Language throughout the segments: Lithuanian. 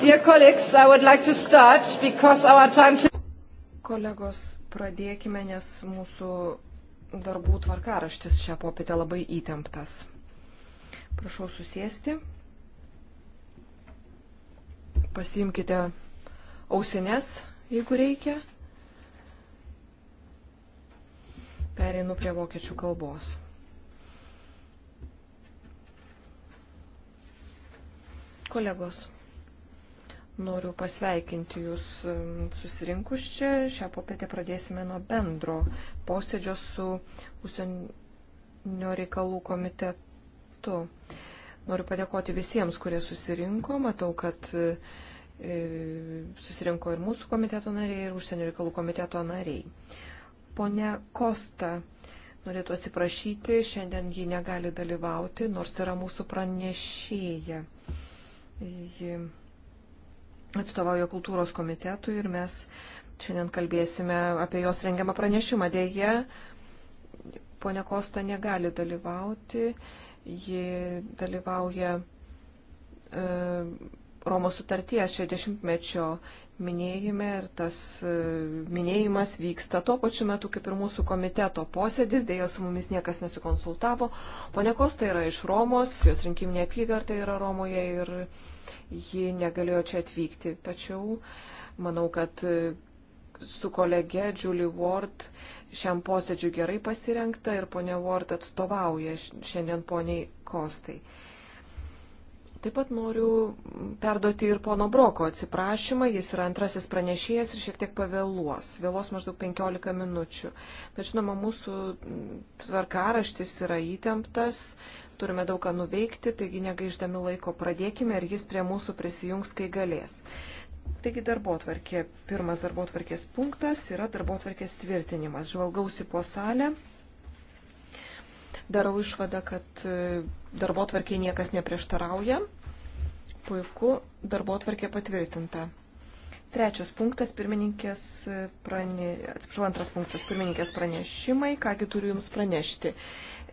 Dear colleagues, I would like to start because our time to... Kolegos, pradėkime, nes mūsų darbų tvarkaraštis šią popietę labai įtemptas. Prašau susėsti. Pasiimkite ausinės, jeigu reikia. Pereinu prie vokiečių kalbos. kolegos, noriu pasveikinti Jūs um, susirinkus čia. Šią popietę pradėsime nuo bendro posėdžio su užsienio reikalų komitetu. Noriu padėkoti visiems, kurie susirinko. Matau, kad e, susirinko ir mūsų komiteto nariai, ir užsienio reikalų komiteto nariai. Pone Kosta norėtų atsiprašyti, šiandien ji negali dalyvauti, nors yra mūsų pranešėja. Ji atstovauja kultūros komitetui ir mes šiandien kalbėsime apie jos rengiamą pranešimą. Dėje, ponia Kosta negali dalyvauti. Ji dalyvauja e, Romos sutarties 60-mečio minėjime ir tas e, minėjimas vyksta tuo pačiu metu kaip ir mūsų komiteto posėdis, dėja su mumis niekas nesikonsultavo. Pone Kosta yra iš Romos, jos rinkiminė apygarda yra Romoje ir ji negalėjo čia atvykti. Tačiau manau, kad e, su kolege Julie Ward šiam posėdžiu gerai pasirengta ir ponia Ward atstovauja šiandien poniai Kostai. Taip pat noriu perduoti ir pono Broko atsiprašymą, jis yra antrasis pranešėjas ir šiek tiek pavėluos, vėlos maždaug 15 minučių. Bet žinoma, mūsų tvarkaraštis yra įtemptas, Turime daug ką nuveikti, taigi negaiždami laiko pradėkime ir jis prie mūsų prisijungs, kai galės. Taigi darbo tvarkė, pirmas darbo tvarkės punktas yra darbo tvarkės tvirtinimas. Žvalgausi po salę, darau išvadą, kad e, darbo tvarkiai niekas neprieštarauja. Puiku, darbo tvarkė patvirtinta. Trečias punktas, pirmininkės, e, prane... atsiprašau, antras punktas, pirmininkės pranešimai, kągi turiu Jums pranešti.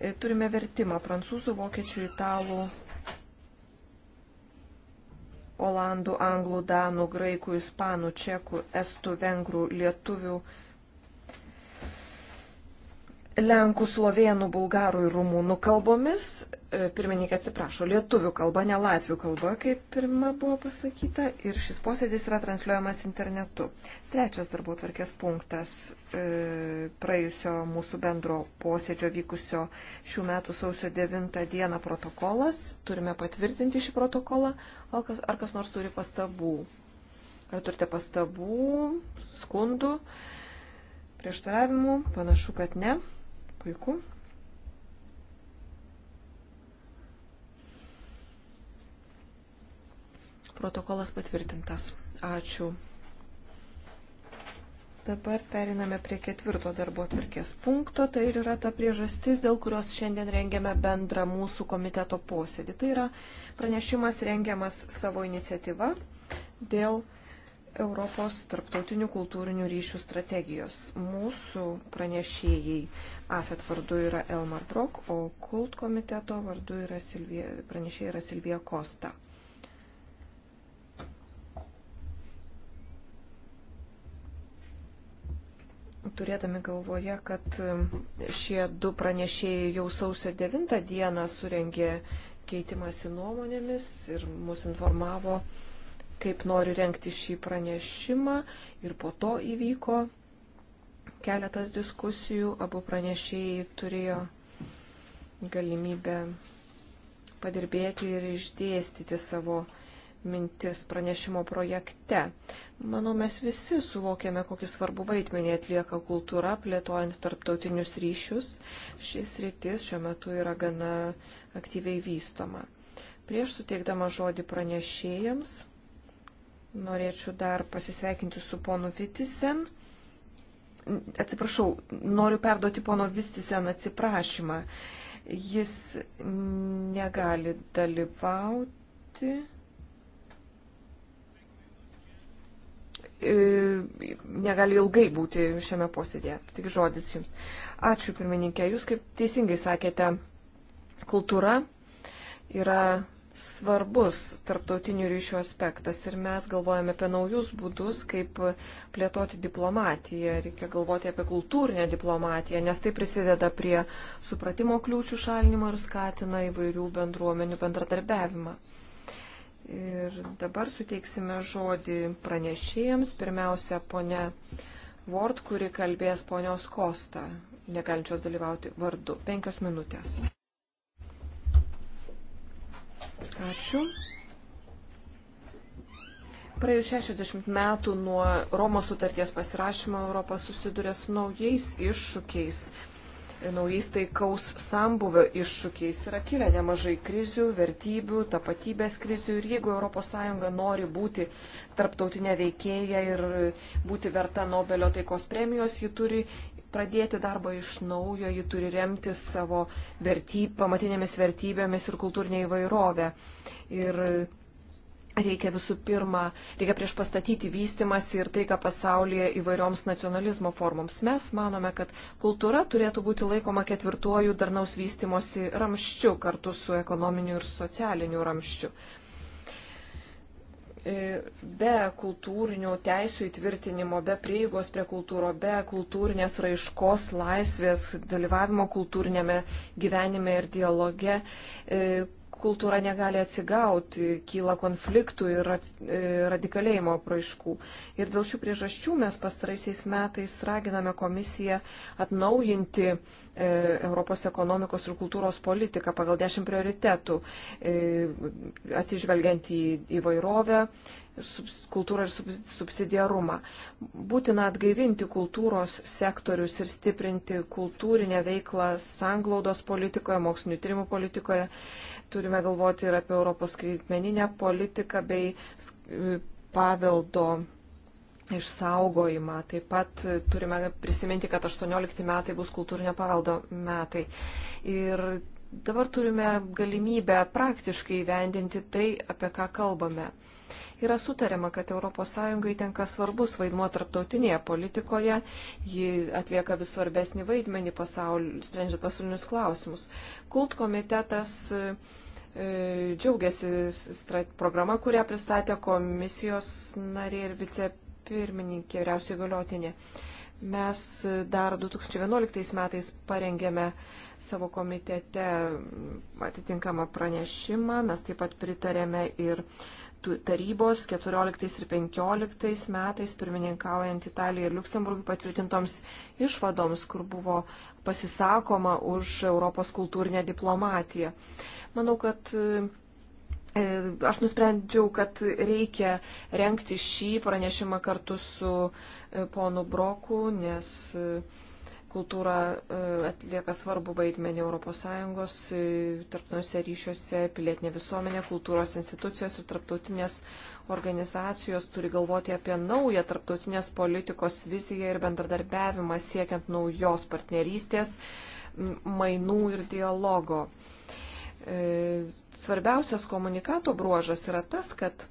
E, turime vertimą prancūzų, vokiečių, italų, olandų, anglų, danų, graikų, ispanų, čekų, estų, vengrų, lietuvių, lenkų, slovėnų, bulgarų ir rumūnų kalbomis. E, pirmininkė atsiprašo, lietuvių kalba, ne latvių kalba, kaip pirma buvo pasakyta, ir šis posėdis yra transliuojamas internetu. Trečias darbo tvarkės punktas E, praėjusio mūsų bendro posėdžio vykusio šių metų sausio 9 dieną protokolas. Turime patvirtinti šį protokolą. Ar kas, ar kas nors turi pastabų? Ar turite pastabų, skundų, prieštaravimų? Panašu, kad ne. Puiku. Protokolas patvirtintas. Ačiū. Dabar periname prie ketvirto darbo tvarkės punkto. Tai ir yra ta priežastis, dėl kurios šiandien rengiame bendrą mūsų komiteto posėdį. Tai yra pranešimas rengiamas savo iniciatyva dėl Europos tarptautinių kultūrinių ryšių strategijos. Mūsų pranešėjai AFET vardu yra Elmar Brok, o kult komiteto vardu yra Silvija, pranešėjai yra Silvija Kosta. turėdami galvoje, kad um, šie du pranešėjai jau sausio 9 dieną surengė keitimąsi nuomonėmis ir mus informavo, kaip nori renkti šį pranešimą ir po to įvyko keletas diskusijų, abu pranešėjai turėjo galimybę padirbėti ir išdėstyti savo mintis pranešimo projekte. Manau, mes visi suvokėme, kokį svarbų vaidmenį atlieka kultūra, plėtojant tarptautinius ryšius. Šis rytis šiuo metu yra gana aktyviai vystoma. Prieš suteikdama žodį pranešėjams, norėčiau dar pasisveikinti su ponu Vitisen. Atsiprašau, noriu perduoti pono Vistisen atsiprašymą. Jis negali dalyvauti. E, negali ilgai būti šiame posėdėje. Tik žodis jums. Ačiū, pirmininkė. Jūs kaip teisingai sakėte, kultūra yra svarbus tarptautinių ryšių aspektas ir mes galvojame apie naujus būdus, kaip plėtoti diplomatiją. Reikia galvoti apie kultūrinę diplomatiją, nes tai prisideda prie supratimo kliūčių šalinimo ir skatina įvairių bendruomenių bendradarbiavimą. Ir dabar suteiksime žodį pranešėjams. Pirmiausia, ponia Ward, kuri kalbės ponios Kosta, negalinčios dalyvauti vardu. Penkios minutės. Ačiū. Praėjus 60 metų nuo Romos sutarties pasirašymo Europą susiduria su naujais iššūkiais naujais taikaus sambuvio iššūkiais. Yra kilę nemažai krizių, vertybių, tapatybės krizių ir jeigu ES nori būti tarptautinė veikėja ir būti verta Nobelio taikos premijos, ji turi pradėti darbą iš naujo, ji turi remtis savo vertyb, pamatinėmis vertybėmis ir kultūrinė įvairovė. Ir reikia visų pirma, reikia prieš pastatyti vystimąsi ir tai, ką pasaulyje įvairioms nacionalizmo formoms. Mes manome, kad kultūra turėtų būti laikoma ketvirtuoju darnaus vystimosi ramščiu kartu su ekonominiu ir socialiniu ramščiu. E, be kultūrinių teisų įtvirtinimo, be prieigos prie kultūro, be kultūrinės raiškos, laisvės, dalyvavimo kultūrinėme gyvenime ir dialoge, e, kultūra negali atsigauti, kyla konfliktų ir e, radikalėjimo praaiškų. Ir dėl šių priežasčių mes pastaraisiais metais raginame komisiją atnaujinti e, Europos ekonomikos ir kultūros politiką pagal dešimt prioritetų, e, atsižvelgiant į įvairovę, kultūrą ir subsidiarumą. Būtina atgaivinti kultūros sektorius ir stiprinti kultūrinę veiklą sanglaudos politikoje, mokslinių tyrimų politikoje. Turime galvoti ir apie Europos skaitmeninę politiką bei e, paveldo išsaugojimą. Taip pat turime prisiminti, kad 18 metai bus kultūrinio paveldo metai. Ir dabar turime galimybę praktiškai įvendinti tai, apie ką kalbame yra sutariama, kad ES tenka svarbus vaidmuo tarptautinėje politikoje, ji atlieka vis svarbesnį vaidmenį pasaulį, sprendžiant pasaulinius klausimus. Kult komitetas e, džiaugiasi programa, kurią pristatė komisijos narė ir vicepirmininkė, vyriausiai galiotinė. Mes dar 2011 metais parengėme savo komitete atitinkamą pranešimą, mes taip pat pritarėme ir uh, tarybos 14 ir 15 metais pirmininkaujant Italijai ir Luksemburgui patvirtintoms išvadoms, kur buvo pasisakoma už Europos kultūrinę diplomatiją. Manau, kad e, aš nusprendžiau, kad reikia renkti šį pranešimą kartu su e, ponu Broku, nes e, kultūra e, atlieka svarbu vaidmenį ES e, tarptautiniuose ryšiuose, pilietinė visuomenė, kultūros institucijos ir tarptautinės organizacijos turi galvoti apie naują tarptautinės politikos viziją ir bendradarbiavimą siekiant naujos partnerystės, mainų ir dialogo. E, svarbiausias komunikato bruožas yra tas, kad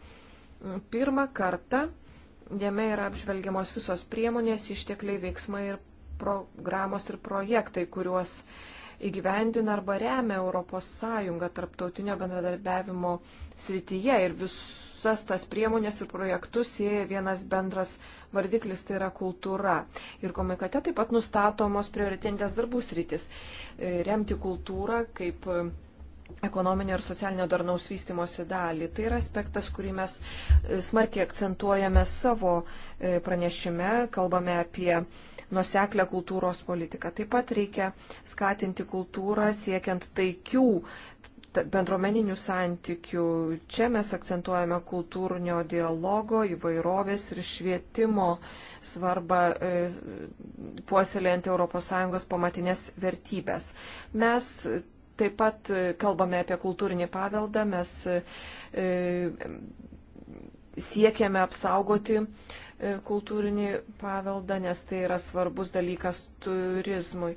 pirmą kartą Jame yra apžvelgiamos visos priemonės, ištekliai, veiksmai ir programos ir projektai, kuriuos įgyvendina arba remia ES tarptautinio bendradarbiavimo srityje ir visas tas priemonės ir projektus sieja vienas bendras vardiklis, tai yra kultūra. Ir komunikate taip pat nustatomos prioritintės darbų sritis. E, remti kultūrą kaip e, ekonominio ir socialinio darnaus vystimosi dalį. Tai yra aspektas, kurį mes e, smarkiai akcentuojame savo pranešime, kalbame apie nuseklę kultūros politiką. Taip pat reikia skatinti kultūrą siekiant taikių bendruomeninių santykių. Čia mes akcentuojame kultūrinio dialogo, įvairovės ir švietimo svarbą e, puoselėjant ES pamatinės vertybės. Mes taip pat kalbame apie kultūrinį paveldą, mes e, siekiame apsaugoti e, E, kultūrinį paveldą, nes tai yra svarbus dalykas turizmui.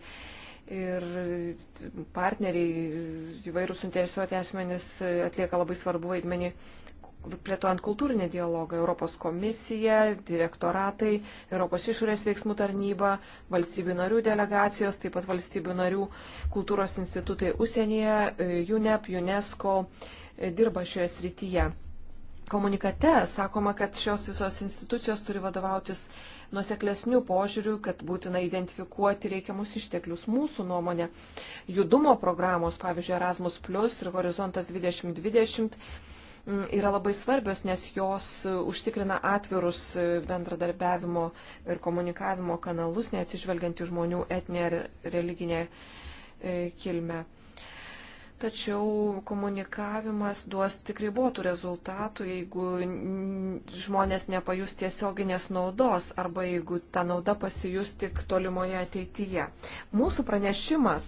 Ir partneriai, įvairūs suinteresuoti asmenys atlieka labai svarbu vaidmenį plėtojant kultūrinį dialogą. Europos komisija, direktoratai, Europos išorės veiksmų tarnyba, valstybių narių delegacijos, taip pat valstybių narių kultūros institutai užsienyje, e, UNEP, UNESCO e, dirba šioje srityje komunikate sakoma, kad šios visos institucijos turi vadovautis nuseklesnių požiūrių, kad būtina identifikuoti reikiamus išteklius. Mūsų nuomonė, judumo programos, pavyzdžiui, Erasmus Plus ir Horizontas 2020 mm, yra labai svarbios, nes jos užtikrina atvirus bendradarbiavimo ir komunikavimo kanalus, neatsižvelgiant į žmonių etinę ir religinę e, kilmę tačiau komunikavimas duos tik ribotų rezultatų, jeigu žmonės nepajus tiesioginės naudos arba jeigu ta nauda pasijus tik tolimoje ateityje. Mūsų pranešimas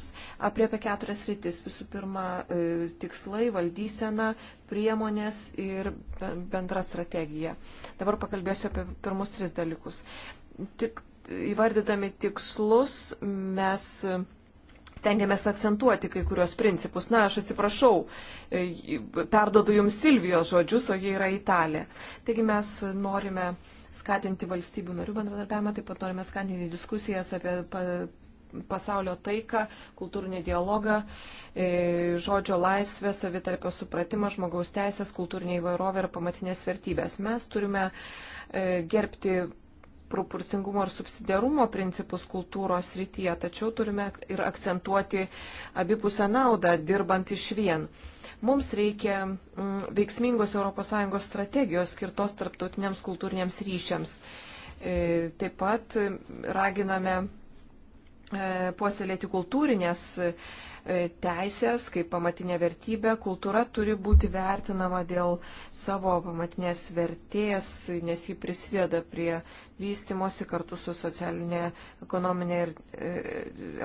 apie apie keturias rytis. Visų pirma, e, tikslai, valdysena, priemonės ir bendra strategija. Dabar pakalbėsiu apie pirmus tris dalykus. Tik įvardydami tikslus mes Tengiamės akcentuoti kai kurios principus. Na, aš atsiprašau, e, perdodu jums Silvijos žodžius, o jie yra italė. Taigi mes norime skatinti valstybių narių bendradarbiavimą, taip pat norime skatinti diskusijas apie pasaulio taiką, kultūrinį dialogą, e, žodžio laisvę, savitarpio supratimą, žmogaus teisės, kultūrinį įvairovę ir pamatinės vertybės. Mes turime e, gerbti proporcingumo ir subsidiarumo principus kultūros rytyje, tačiau turime ir akcentuoti abipusę naudą, dirbant iš vien. Mums reikia mm, veiksmingos ES strategijos skirtos tarptautiniams kultūriniams ryšiams. E, taip pat mm, raginame e, puoselėti kultūrinės teisės kaip pamatinė vertybė, kultūra turi būti vertinama dėl savo pamatinės vertės, nes ji prisideda prie vystimosi kartu su socialinė, ekonominė ir e,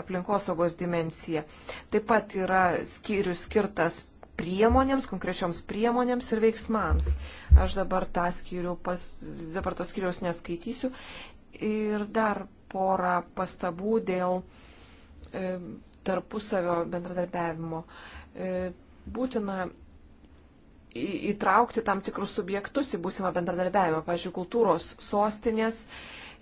aplinkosaugos dimensija. Taip pat yra skyrius skirtas priemonėms, konkrečioms priemonėms ir veiksmams. Aš dabar, skyrių pas, dabar to skyriaus neskaitysiu. Ir dar porą pastabų dėl e, tarpusavio bendradarbiavimo. E, būtina įtraukti tam tikrus subjektus į būsimą bendradarbiavimą, pavyzdžiui, kultūros sostinės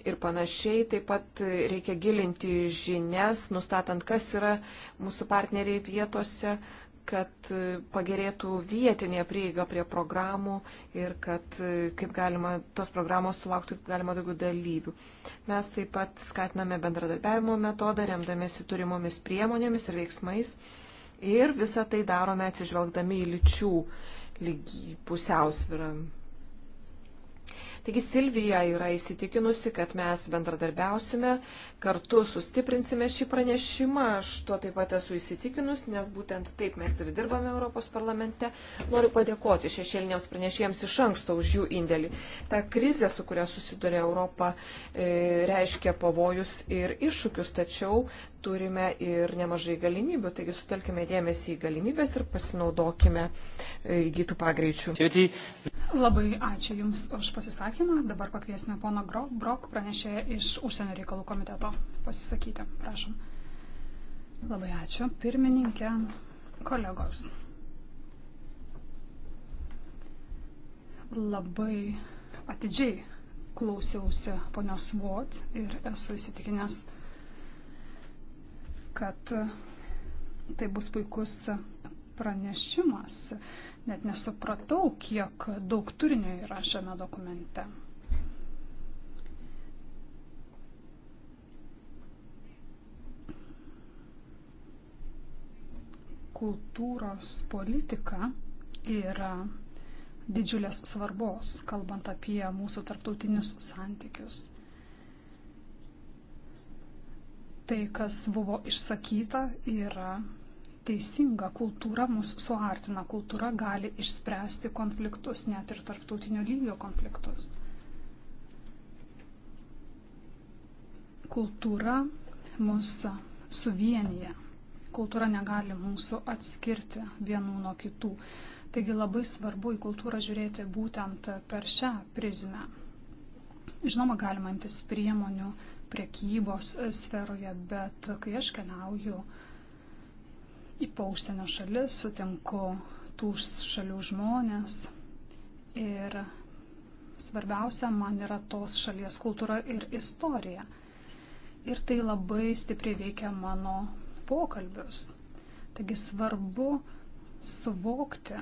ir panašiai. Taip pat reikia gilinti žinias, nustatant, kas yra mūsų partneriai vietose kad e, pagerėtų vietinė prieiga prie programų ir kad e, kaip galima, tos programos sulauktų kaip galima daugiau dalyvių. Mes taip pat skatiname bendradarbiavimo metodą, remdamėsi turimomis priemonėmis ir veiksmais. Ir visą tai darome atsižvelgdami į lyčių lygį pusiausvyrą. Taigi Silvija yra įsitikinusi, kad mes bendradarbiausime, kartu sustiprinsime šį pranešimą. Aš tuo taip pat esu įsitikinus, nes būtent taip mes ir dirbame Europos parlamente. Noriu padėkoti šešėliniams pranešėjams iš anksto už jų indėlį. Ta krizė, su kuria susiduria Europa, e, reiškia pavojus ir iššūkius, tačiau turime ir nemažai galimybių. Taigi sutelkime dėmesį į galimybės ir pasinaudokime e, įgytų pagreičių. Labai ačiū Jums už pasisakymą. Dabar pakviesime pono Brok, pranešėją iš užsienio reikalų komiteto norėtų pasisakyti. Prašom. Labai ačiū. Pirmininkė, kolegos. Labai atidžiai klausiausi ponios Vot ir esu įsitikinęs, kad tai bus puikus pranešimas. Net nesupratau, kiek daug turinio yra šiame dokumente. kultūros politika yra didžiulės svarbos, kalbant apie mūsų tarptautinius santykius. Tai, kas buvo išsakyta, yra teisinga. Kultūra mus suartina, kultūra gali išspręsti konfliktus, net ir tarptautinio lygio konfliktus. Kultūra mus suvienyje kultūra negali mūsų atskirti vienų nuo kitų. Taigi labai svarbu į kultūrą žiūrėti būtent per šią prizmę. Žinoma, galima imtis priemonių priekybos sferoje, bet kai aš keliauju į pausienio šalis, sutinku tų šalių žmonės ir svarbiausia man yra tos šalies kultūra ir istorija. Ir tai labai stipriai veikia mano pokalbius. Taigi svarbu suvokti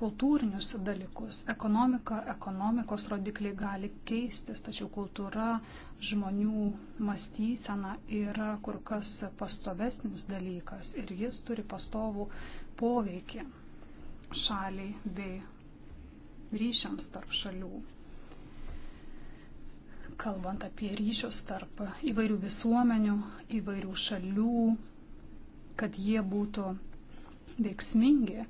kultūrinius dalykus. Ekonomika, ekonomikos rodikliai gali keistis, tačiau kultūra, žmonių mąstysena yra kur kas pastovesnis dalykas ir jis turi pastovų poveikį šaliai bei ryšiams tarp šalių. Kalbant apie ryšius tarp įvairių visuomenių, įvairių šalių, kad jie būtų veiksmingi,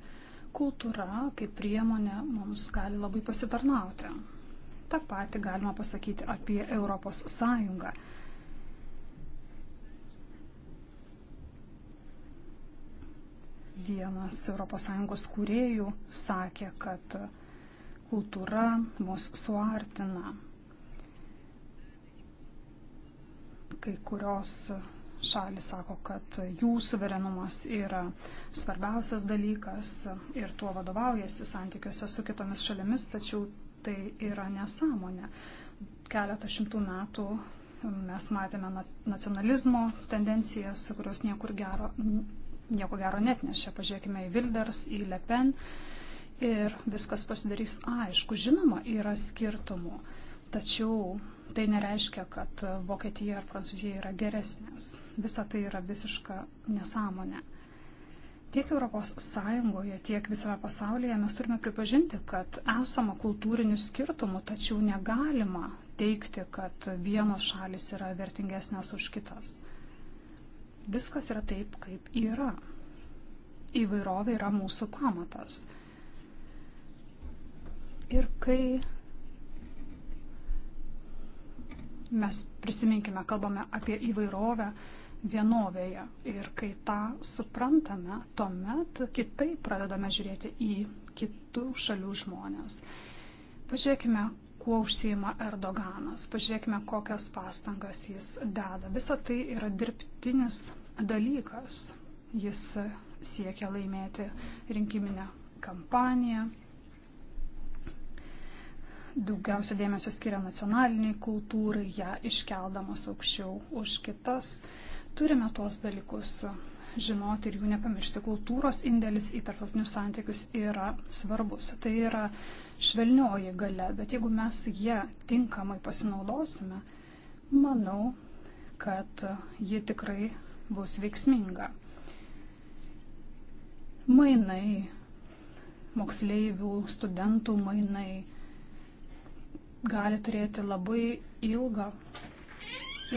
kultūra kaip priemonė mums gali labai pasitarnauti. Ta pati galima pasakyti apie Europos Sąjungą. Vienas ES kūrėjų sakė, kad kultūra mus suartina. Kai kurios šalis sako, kad jų suverenumas yra svarbiausias dalykas ir tuo vadovaujasi santykiuose su kitomis šalimis, tačiau tai yra nesąmonė. Keletą šimtų metų mes matėme nacionalizmo tendencijas, kurios niekur gero, nieko gero net nešia. Pažiūrėkime į Wilders, į Le Pen ir viskas pasidarys aišku. Žinoma, yra skirtumų, tačiau tai nereiškia, kad Vokietija ar Prancūzija yra geresnės. Visa tai yra visiška nesąmonė. Tiek ES, tiek visame pasaulyje mes turime pripažinti, kad esama kultūrinių skirtumų, tačiau negalima teikti, kad vienos šalis yra vertingesnės už kitas. Viskas yra taip, kaip yra. Įvairovė yra mūsų pamatas. Ir kai Mes prisiminkime, kalbame apie įvairovę vienovėje. Ir kai tą suprantame, tuomet kitaip pradedame žiūrėti į kitų šalių žmonės. Pažiūrėkime, kuo užsieima Erdoganas, pažiūrėkime, kokias pastangas jis deda. Visa tai yra dirbtinis dalykas. Jis siekia laimėti rinkiminę kampaniją, daugiausia dėmesio skiria nacionaliniai kultūrai, ją iškeldamas aukščiau už kitas. Turime tuos dalykus žinoti ir jų nepamiršti. Kultūros indėlis į tarptautinius santykius yra svarbus. Tai yra švelnioji gale, bet jeigu mes ją tinkamai pasinaudosime, manau, kad ji tikrai bus veiksminga. Mainai, moksleivių, studentų mainai gali turėti labai ilgą,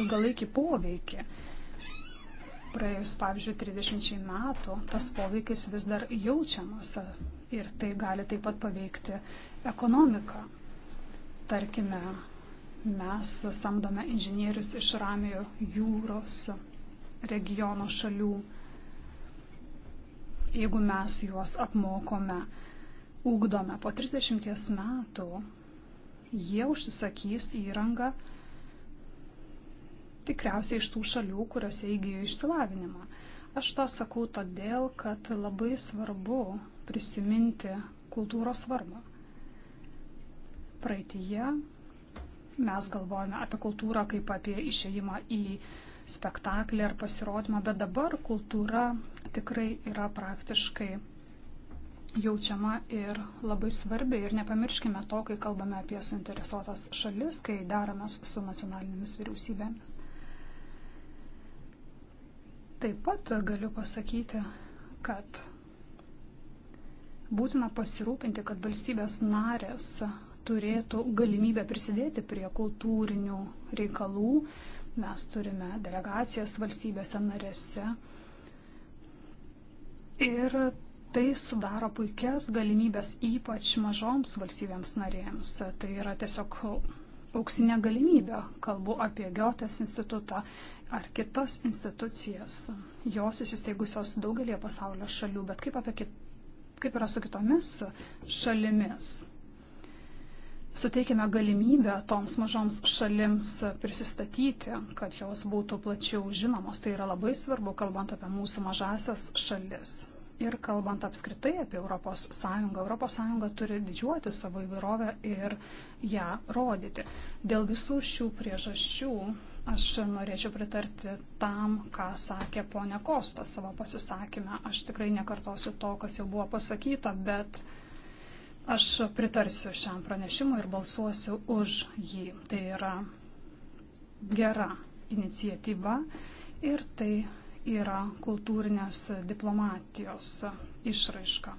ilgalaikį poveikį. Praėjus, pavyzdžiui, 30 metų tas poveikis vis dar jaučiamas ir tai gali taip pat paveikti ekonomiką. Tarkime, mes samdome inžinierius iš Ramiojo jūros regiono šalių. Jeigu mes juos apmokome, ūkdome po 30 metų, jie užsisakys įrangą tikriausiai iš tų šalių, kuriuose įgyjo išsilavinimą. Aš tą sakau todėl, kad labai svarbu prisiminti kultūros svarbą. Praeitįje mes galvojame apie kultūrą kaip apie išėjimą į spektaklį ar pasirodymą, bet dabar kultūra tikrai yra praktiškai jaučiama ir labai svarbi. Ir nepamirškime to, kai kalbame apie suinteresuotas šalis, kai deramės su nacionalinėmis vyriausybėmis. Taip pat galiu pasakyti, kad būtina pasirūpinti, kad valstybės narės turėtų galimybę prisidėti prie kultūrinių reikalų. Mes turime delegacijas valstybėse narėse. Ir Tai sudaro puikias galimybės ypač mažoms valstybėms narėms. Tai yra tiesiog auksinė galimybė. Kalbu apie Giotės institutą ar kitas institucijas. Jos įsisteigusios daugelie pasaulio šalių, bet kaip, kit... kaip yra su kitomis šalimis? Suteikime galimybę toms mažoms šalims prisistatyti, kad jos būtų plačiau žinomos. Tai yra labai svarbu, kalbant apie mūsų mažasias šalis. Ir kalbant apskritai apie ES, ES turi didžiuoti savo įvairovę ir ją rodyti. Dėl visų šių priežasčių aš norėčiau pritarti tam, ką sakė ponia Kosta savo pasisakymę. Aš tikrai nekartosiu to, kas jau buvo pasakyta, bet aš pritarsiu šiam pranešimui ir balsuosiu už jį. Tai yra gera iniciatyva ir tai yra kultūrinės diplomatijos išraiška.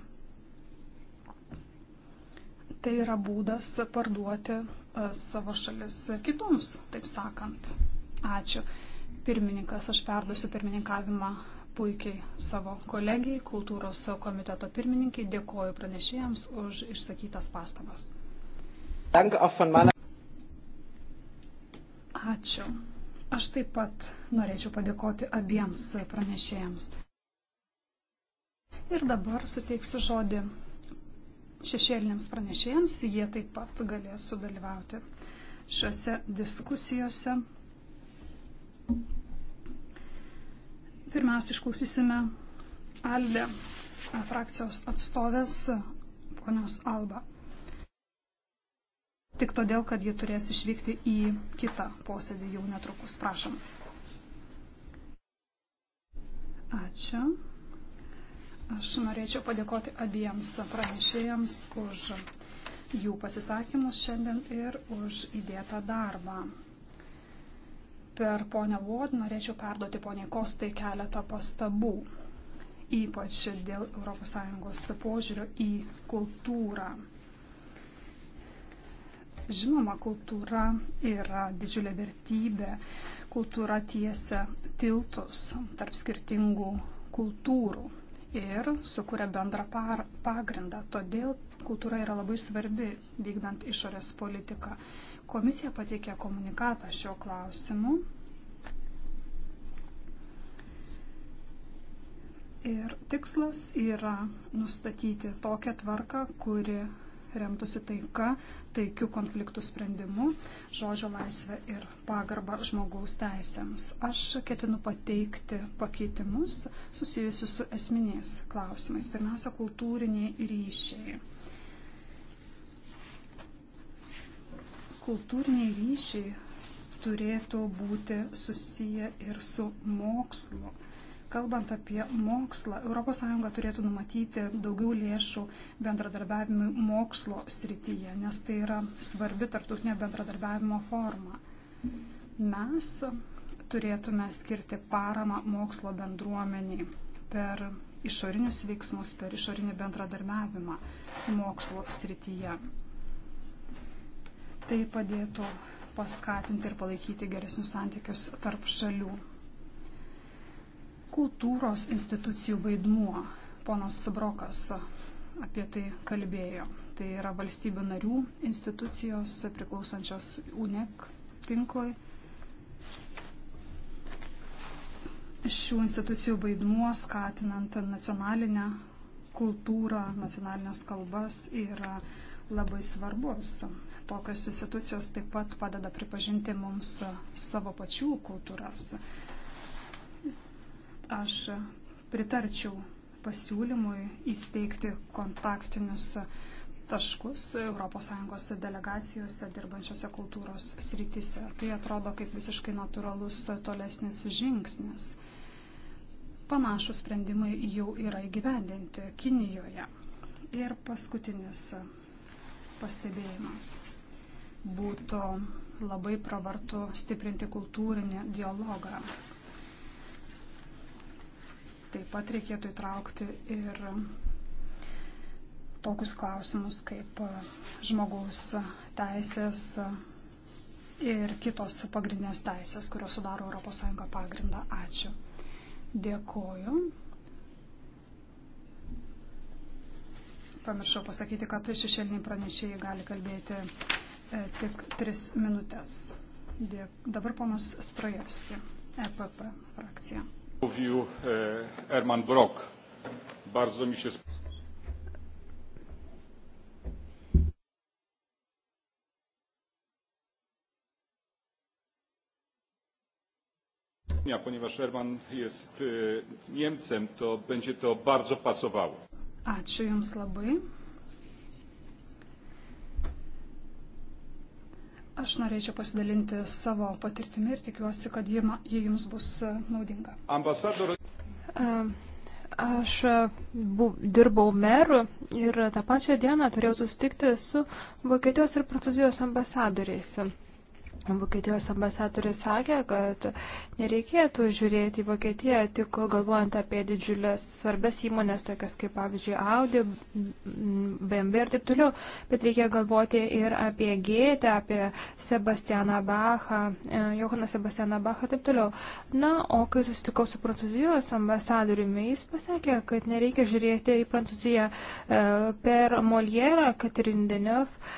Tai yra būdas parduoti e, savo šalis kitoms, taip sakant. Ačiū. Pirmininkas, aš perduosiu pirmininkavimą puikiai savo kolegijai, kultūros komiteto pirmininkai. Dėkoju pranešėjams už išsakytas pastabas. Ačiū. Aš taip pat norėčiau padėkoti abiems pranešėjams. Ir dabar suteiksiu žodį šešėliniams pranešėjams. Jie taip pat galės sudalyvauti šiuose diskusijose. Pirmiausia, išklausysime Alde frakcijos atstovės ponios Alba tik todėl, kad ji turės išvykti į kitą posėdį jau netrukus. Prašom. Ačiū. Aš norėčiau padėkoti abiems pranešėjams už jų pasisakymus šiandien ir už įdėtą darbą. Per ponę Vod norėčiau perduoti poniai Kostai keletą pastabų, ypač dėl ES požiūrio į kultūrą. Žinoma, kultūra yra didžiulė vertybė. Kultūra tiesia tiltus tarp skirtingų kultūrų ir sukuria bendrą par, pagrindą. Todėl kultūra yra labai svarbi vykdant išorės politiką. Komisija pateikė komunikatą šio klausimu. Ir tikslas yra nustatyti tokią tvarką, kuri remtųsi taika, taikių konfliktų sprendimu, žodžio laisvė ir pagarba žmogaus teisėms. Aš ketinu pateikti pakeitimus susijusius su esminiais klausimais. Pirmiausia, kultūriniai ryšiai. Kultūriniai ryšiai turėtų būti susiję ir su mokslu Kalbant apie mokslą, ES turėtų numatyti daugiau lėšų bendradarbiavimui mokslo srityje, nes tai yra svarbi tarptautinė bendradarbiavimo forma. Mes turėtume skirti paramą mokslo bendruomeniai per išorinius veiksmus, per išorinį bendradarbiavimą mokslo srityje. Tai padėtų paskatinti ir palaikyti geresnius santykius tarp šalių kultūros institucijų vaidmuo. Ponas Sabrokas apie tai kalbėjo. Tai yra valstybių narių institucijos priklausančios UNEC tinklui. Šių institucijų vaidmuo skatinant nacionalinę kultūrą, nacionalinės kalbas yra labai svarbus. Tokios institucijos taip pat padeda pripažinti mums savo pačių kultūras. Aš pritarčiau pasiūlymui įsteigti kontaktinius taškus ES delegacijose dirbančiose kultūros srityse. Tai atrodo kaip visiškai natūralus tolesnis žingsnis. Panašus sprendimai jau yra įgyvendinti Kinijoje. Ir paskutinis pastebėjimas. Būtų labai pravartu stiprinti kultūrinį dialogą Taip pat reikėtų įtraukti ir tokius klausimus kaip e, žmogaus teisės e, ir kitos pagrindinės teisės, kurios sudaro ES pagrindą. Ačiū. Dėkoju. Pamiršau pasakyti, kad šešėliniai pranešėjai gali kalbėti e, tik tris minutės. Dėk... Dabar ponas Strojevski, EPP frakcija. Mówił e, Herman Brock. Bardzo mi się dnia, ponieważ Herman jest e, Niemcem, to będzie to bardzo pasowało. Ačiū Jums labai. Aš norėčiau pasidalinti savo patirtimi ir tikiuosi, kad ji, ji jums bus e, naudinga. Ambasador... Aš e, bu, dirbau meru ir tą pačią dieną turėjau susitikti su Vokietijos ir Prancūzijos ambasadoriais. Vokietijos ambasatorius sakė, kad nereikėtų žiūrėti į Vokietiją tik galvojant apie didžiulės svarbės įmonės, tokias kaip pavyzdžiui Audi, BMW ir taip toliau, bet reikia galvoti ir apie Gėtę, apie Sebastianą Bachą, e, Johaną Sebastianą Bachą ir taip toliau. Na, o kai susitikau su Prancūzijos ambasadoriumi, jis pasakė, kad nereikia žiūrėti į Prancūziją e, per Molierą, Katrin Deneuve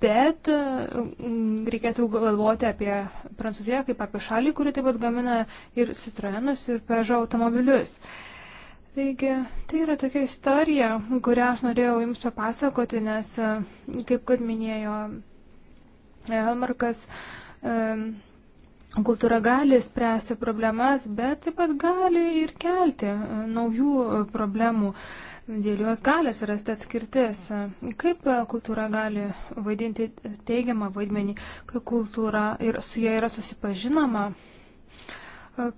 bet mm, reikėtų galvoti apie Prancūziją kaip apie šalį, kuri taip pat gamina ir Citroenus, ir Peugeot automobilius. Taigi, tai yra tokia istorija, kurią aš norėjau Jums papasakoti, nes, e, kaip kad minėjo e, Helmarkas, um, Kultūra gali spręsti problemas, bet taip pat gali ir kelti e, naujų e, problemų. Dėl jos gali surasti atskirtis. Kaip e, kultūra gali vaidinti teigiamą vaidmenį, kai kultūra ir su ja yra susipažinama,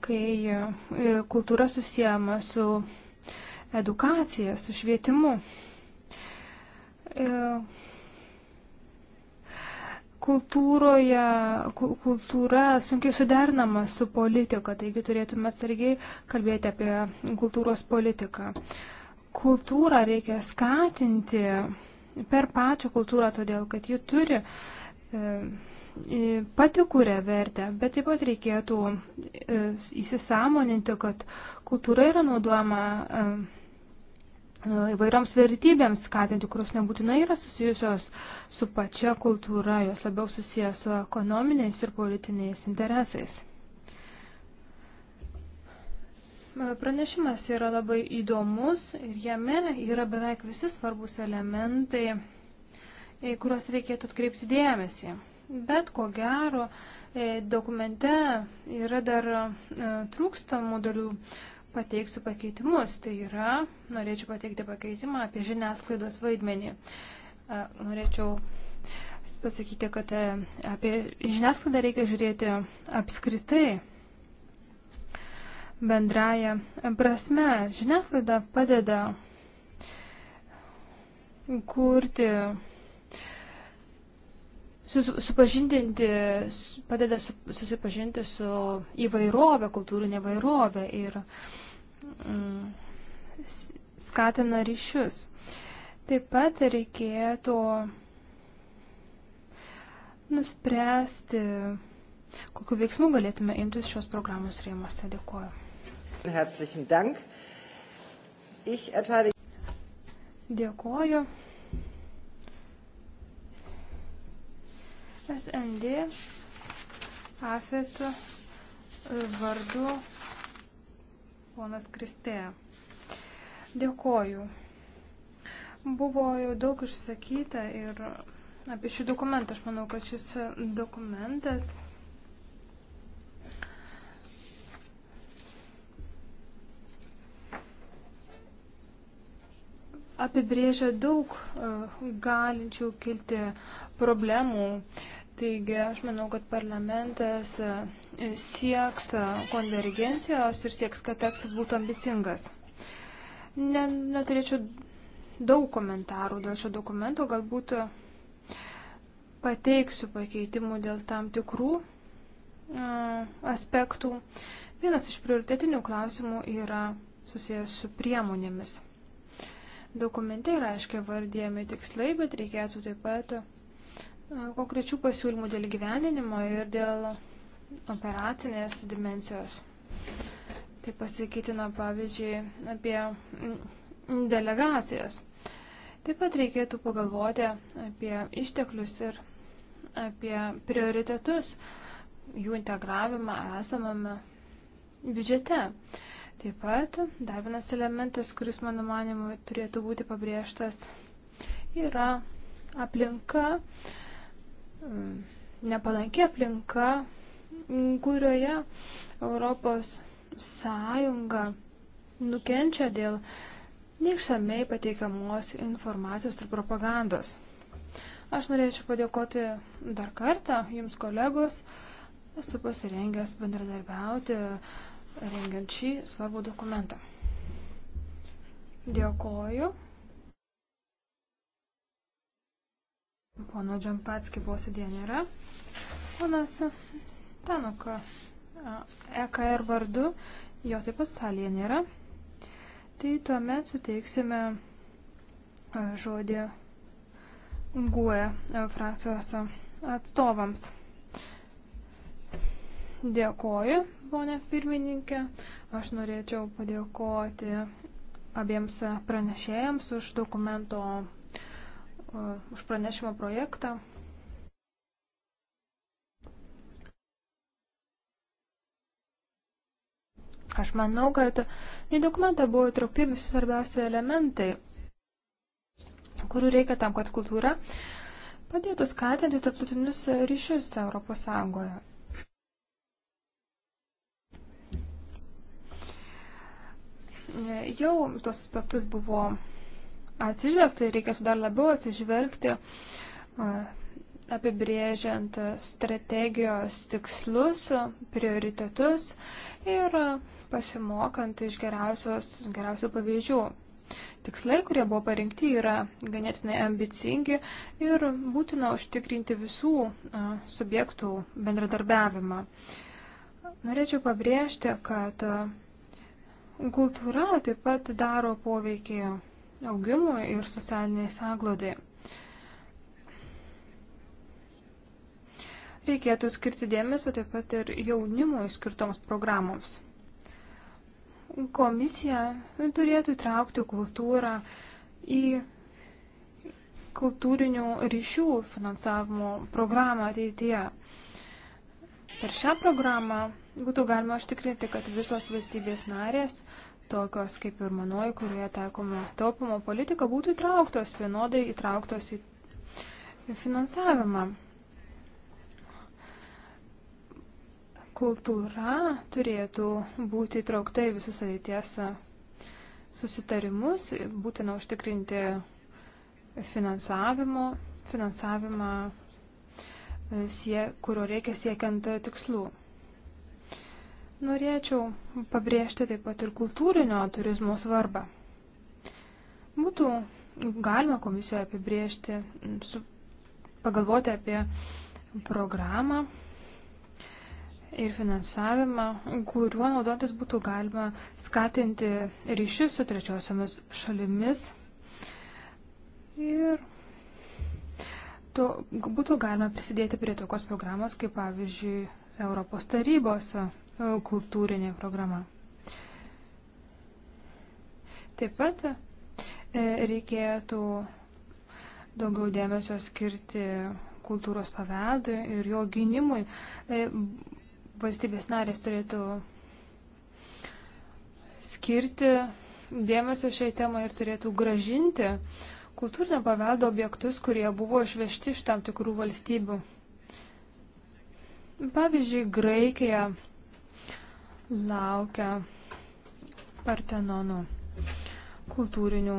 kai kultūra susijama su edukacija, su švietimu. E, kultūroje, kultūra sunkiai sudernama su politika, taigi turėtume sargiai kalbėti apie kultūros politiką. Kultūrą reikia skatinti per pačią kultūrą, todėl kad ji turi e, pati kuria vertę, bet taip pat reikėtų e, įsisamoninti, kad kultūra yra naudojama e, įvairioms vertybėms skatinti, kurios nebūtinai yra susijusios su pačia kultūra, jos labiau susijęs su ekonominiais ir politiniais interesais. Pranešimas yra labai įdomus ir jame yra beveik visi svarbus elementai, į kuriuos reikėtų atkreipti dėmesį. Bet ko gero, e, dokumente yra dar e, trūkstamų dalių, pateiksiu pakeitimus. Tai yra, norėčiau pateikti pakeitimą apie žiniasklaidos vaidmenį. Norėčiau pasakyti, kad e, apie žiniasklaidą reikia žiūrėti apskritai bendraja prasme. Žiniasklaida padeda kurti susipažinti, padeda susipažinti su įvairovė, kultūrinė įvairovė ir mm, skatina ryšius. Taip pat reikėtų nuspręsti, kokiu veiksmu galėtume imtis šios programos rėmose. Dėkuoju. Dėkuoju. SND AFET vardu ponas Kristė. Dėkoju. Buvo jau daug išsakyta ir apie šį dokumentą. Aš manau, kad šis dokumentas apibrėžia daug e, galinčių kilti problemų. Uh, Taigi aš manau, kad parlamentas e, sieks e, konvergencijos ir sieks, kad tekstas būtų ambicingas. Ne, neturėčiau daug komentarų dėl šio dokumento, galbūt pateiksiu pakeitimų dėl tam tikrų e, aspektų. Vienas iš prioritetinių klausimų yra susijęs su priemonėmis. Dokumente yra aiškiai vardėjami tikslai, bet reikėtų taip pat konkrečių pasiūlymų dėl gyveninimo ir dėl operacinės dimensijos. Tai pasakytina pavyzdžiui apie delegacijas. Taip pat reikėtų pagalvoti apie išteklius ir apie prioritetus, jų integravimą esamame biudžete. Taip pat dar vienas elementas, kuris mano manimu turėtų būti pabrėžtas, yra aplinka, uh, Mm, nepalanki aplinka, kurioje Europos Sąjunga nukenčia dėl neišsamei pateikiamos informacijos ir propagandos. Aš norėčiau padėkoti dar kartą jums kolegos. Esu pasirengęs bendradarbiauti, rengiant šį svarbų dokumentą. Dėkoju. Pono Džampatski posėdė nėra. Ponas Tanuka, EKR vardu, jo taip pat salėje nėra. Tai tuomet suteiksime e, žodį GUE e, frakcijos atstovams. Dėkoju, ponė pirmininkė. Aš norėčiau padėkoti abiems pranešėjams už dokumento už pranešimo projektą. Aš manau, kad į dokumentą buvo įtraukti visi svarbiausi elementai, kurių reikia tam, kad kultūra padėtų skatinti tarptautinius ryšius Europos Sąjungoje. Jau tuos aspektus buvo atsižvelgti, reikėtų dar labiau atsižvelgti, apibrėžiant strategijos tikslus, prioritetus ir pasimokant iš geriausių pavyzdžių. Tikslai, kurie buvo parinkti, yra ganėtinai ambicingi ir būtina užtikrinti visų subjektų bendradarbiavimą. Norėčiau pabrėžti, kad kultūra taip pat daro poveikį augimui ir socialiniai sąglodai. Reikėtų skirti dėmesio taip pat ir jaunimui skirtoms programoms. Komisija turėtų traukti kultūrą į kultūrinių ryšių finansavimo programą ateityje. Per šią programą būtų galima užtikrinti, kad visos valstybės narės uh, tokios kaip ir manoji, kurioje taikoma taupimo politika, būtų įtrauktos, vienodai įtrauktos į finansavimą. Kultūra turėtų būti įtraukta į visus ateities susitarimus, būtina užtikrinti finansavimo, finansavimą, e, sie, kurio reikia siekiant tikslų. Norėčiau pabrėžti taip pat ir kultūrinio turizmo svarbą. Būtų galima komisijoje apibrėžti, su, pagalvoti apie programą ir finansavimą, kuriuo naudotis būtų galima skatinti ryšius su trečiosiomis šalimis. Ir to būtų galima prisidėti prie tokios programos, kaip pavyzdžiui Europos tarybos e, kultūrinė programa. Taip pat e, reikėtų daugiau dėmesio skirti kultūros paveldui ir jo gynimui. E, valstybės narės turėtų skirti dėmesio šiai temai ir turėtų gražinti kultūrinio paveldo objektus, kurie buvo išvežti iš tam tikrų valstybių. Pavyzdžiui, Graikija laukia Partenonų kultūrinių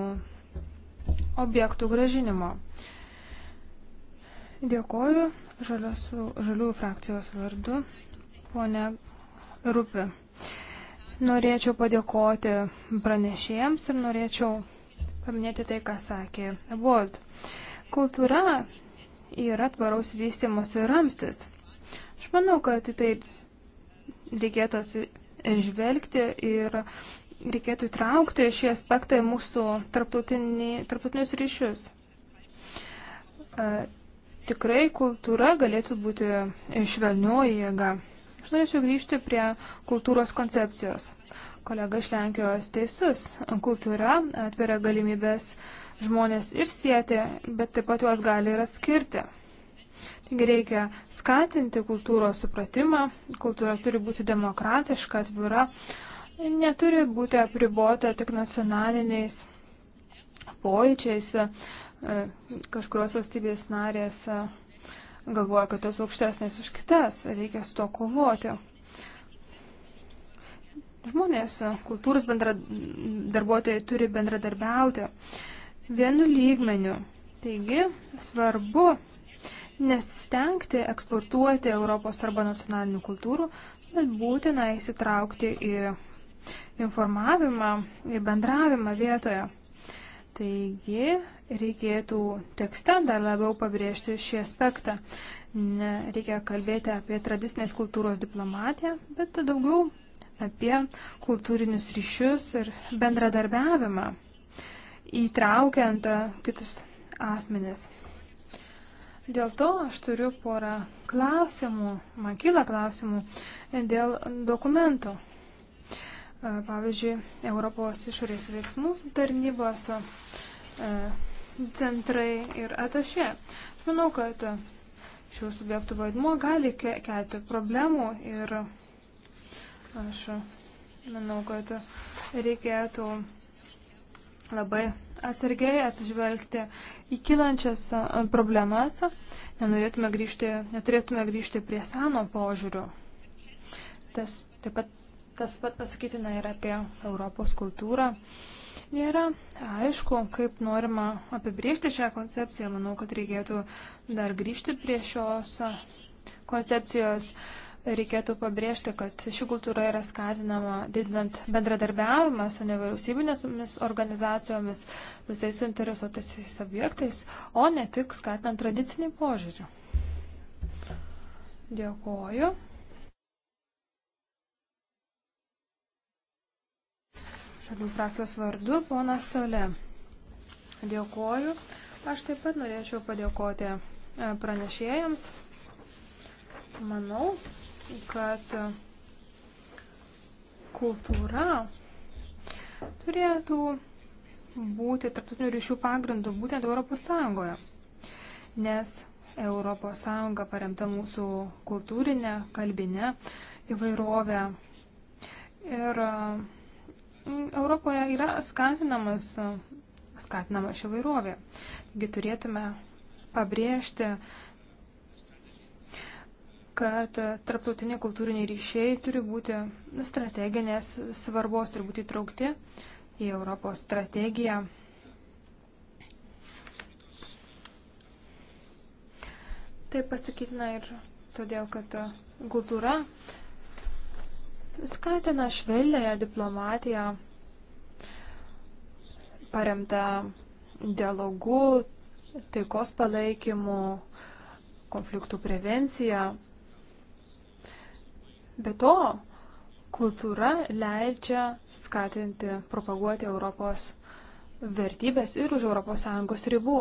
objektų gražinimo. Dėkoju žaliųjų frakcijos vardu, ponė Rupi. Norėčiau padėkoti pranešėjams ir norėčiau paminėti tai, ką sakė Volt. Kultūra yra tvaraus vystimosi ramstis. Aš manau, kad tai reikėtų atsižvelgti ir reikėtų įtraukti šį aspektą į mūsų tarptautinius ryšius. Tikrai kultūra galėtų būti švelnioji jėga. Aš norėčiau grįžti prie kultūros koncepcijos. Kolega iš Lenkijos teisus. Kultūra atveria galimybės žmonės ir sieti, bet taip pat juos gali ir atskirti reikia skatinti kultūros supratimą, kultūra turi būti demokratiška, atvira, neturi būti apribota tik nacionaliniais pojūčiais, e, kažkurios valstybės narės e, galvoja, kad tas aukštesnės už kitas, reikia su to kovoti. Žmonės, kultūros bendra, darbuotojai turi bendradarbiauti vienu lygmeniu. Taigi svarbu nesistengti eksportuoti Europos arba nacionalinių kultūrų, bet būtina įsitraukti į informavimą ir bendravimą vietoje. Taigi reikėtų tekste dar labiau pabrėžti šį aspektą. Ne, reikia kalbėti apie tradicinės kultūros diplomatiją, bet daugiau apie kultūrinius ryšius ir bendradarbiavimą, įtraukiant kitus asmenis. Dėl to aš turiu porą klausimų, man kyla klausimų dėl dokumentų. Pavyzdžiui, Europos išorės veiksmų tarnybos centrai ir atašė. Aš manau, kad šių subjektų vaidmuo gali kelti problemų ir aš manau, kad reikėtų labai atsargiai atsižvelgti į kilančias problemas, nenorėtume grįžti, neturėtume grįžti prie seno požiūrių. Tas, taip pat, tas pat pasakytina ir apie Europos kultūrą. Nėra aišku, kaip norima apibriežti šią koncepciją. Manau, kad reikėtų dar grįžti prie šios koncepcijos. Uh, reikėtų pabrėžti, kad ši kultūra yra skatinama didinant bendradarbiavimą su nevyriausybinėmis organizacijomis, visais suinteresuotaisiais objektais, o ne tik skatinant tradicinį požiūrį. Dėkuoju. Šalių frakcijos vardu ponas Sole. Dėkuoju. Aš taip pat norėčiau padėkoti e, pranešėjams. Manau, kad kultūra turėtų būti tarptautinių ryšių pagrindų būtent Europos Sąjungoje, nes Europos Sąjunga paremta mūsų kultūrinė, kalbinė įvairovė. Ir mm, Europoje yra skatinamas, skatinama ši įvairovė. Taigi turėtume pabrėžti kad tarptautiniai kultūriniai ryšiai turi būti strateginės svarbos, turi būti įtraukti į Europos strategiją. Tai pasakytina ir todėl, kad kultūra skatina švelnėje diplomatiją paremta dialogu, taikos palaikymu, konfliktų prevencija. Be to, kultūra leidžia skatinti, propaguoti Europos vertybės ir už ES ribų.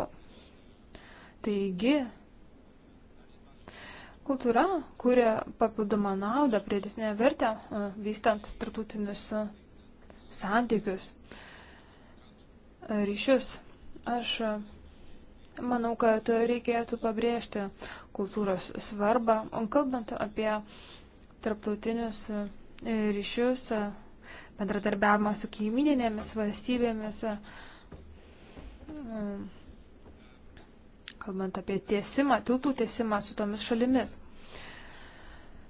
Taigi, kultūra kuria papildomą naudą, pridėtinę vertę, e, vystant tartutinius e, santykius, e, ryšius. Aš manau, kad reikėtų pabrėžti kultūros svarbą, kalbant apie uh, tarptautinius e, ryšius, e, bendradarbiavimą su kaimininėmis valstybėmis, e, kalbant apie tiesimą, tiltų tiesimą su tomis šalimis.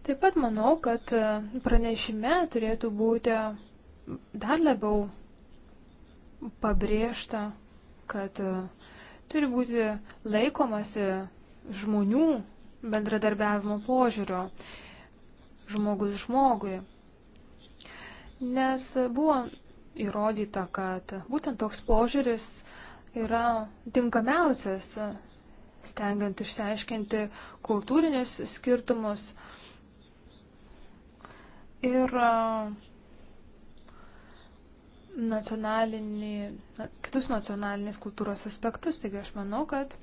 Taip pat manau, kad pranešime turėtų būti dar labiau pabrėžta, kad turi būti laikomasi žmonių bendradarbiavimo požiūrio žmogus žmogui. Nes buvo įrodyta, kad būtent toks požiūris yra tinkamiausias, stengiant išsiaiškinti kultūrinius skirtumus. Ir uh, nacionalinį, kitus nacionalinės kultūros aspektus. Taigi aš manau, kad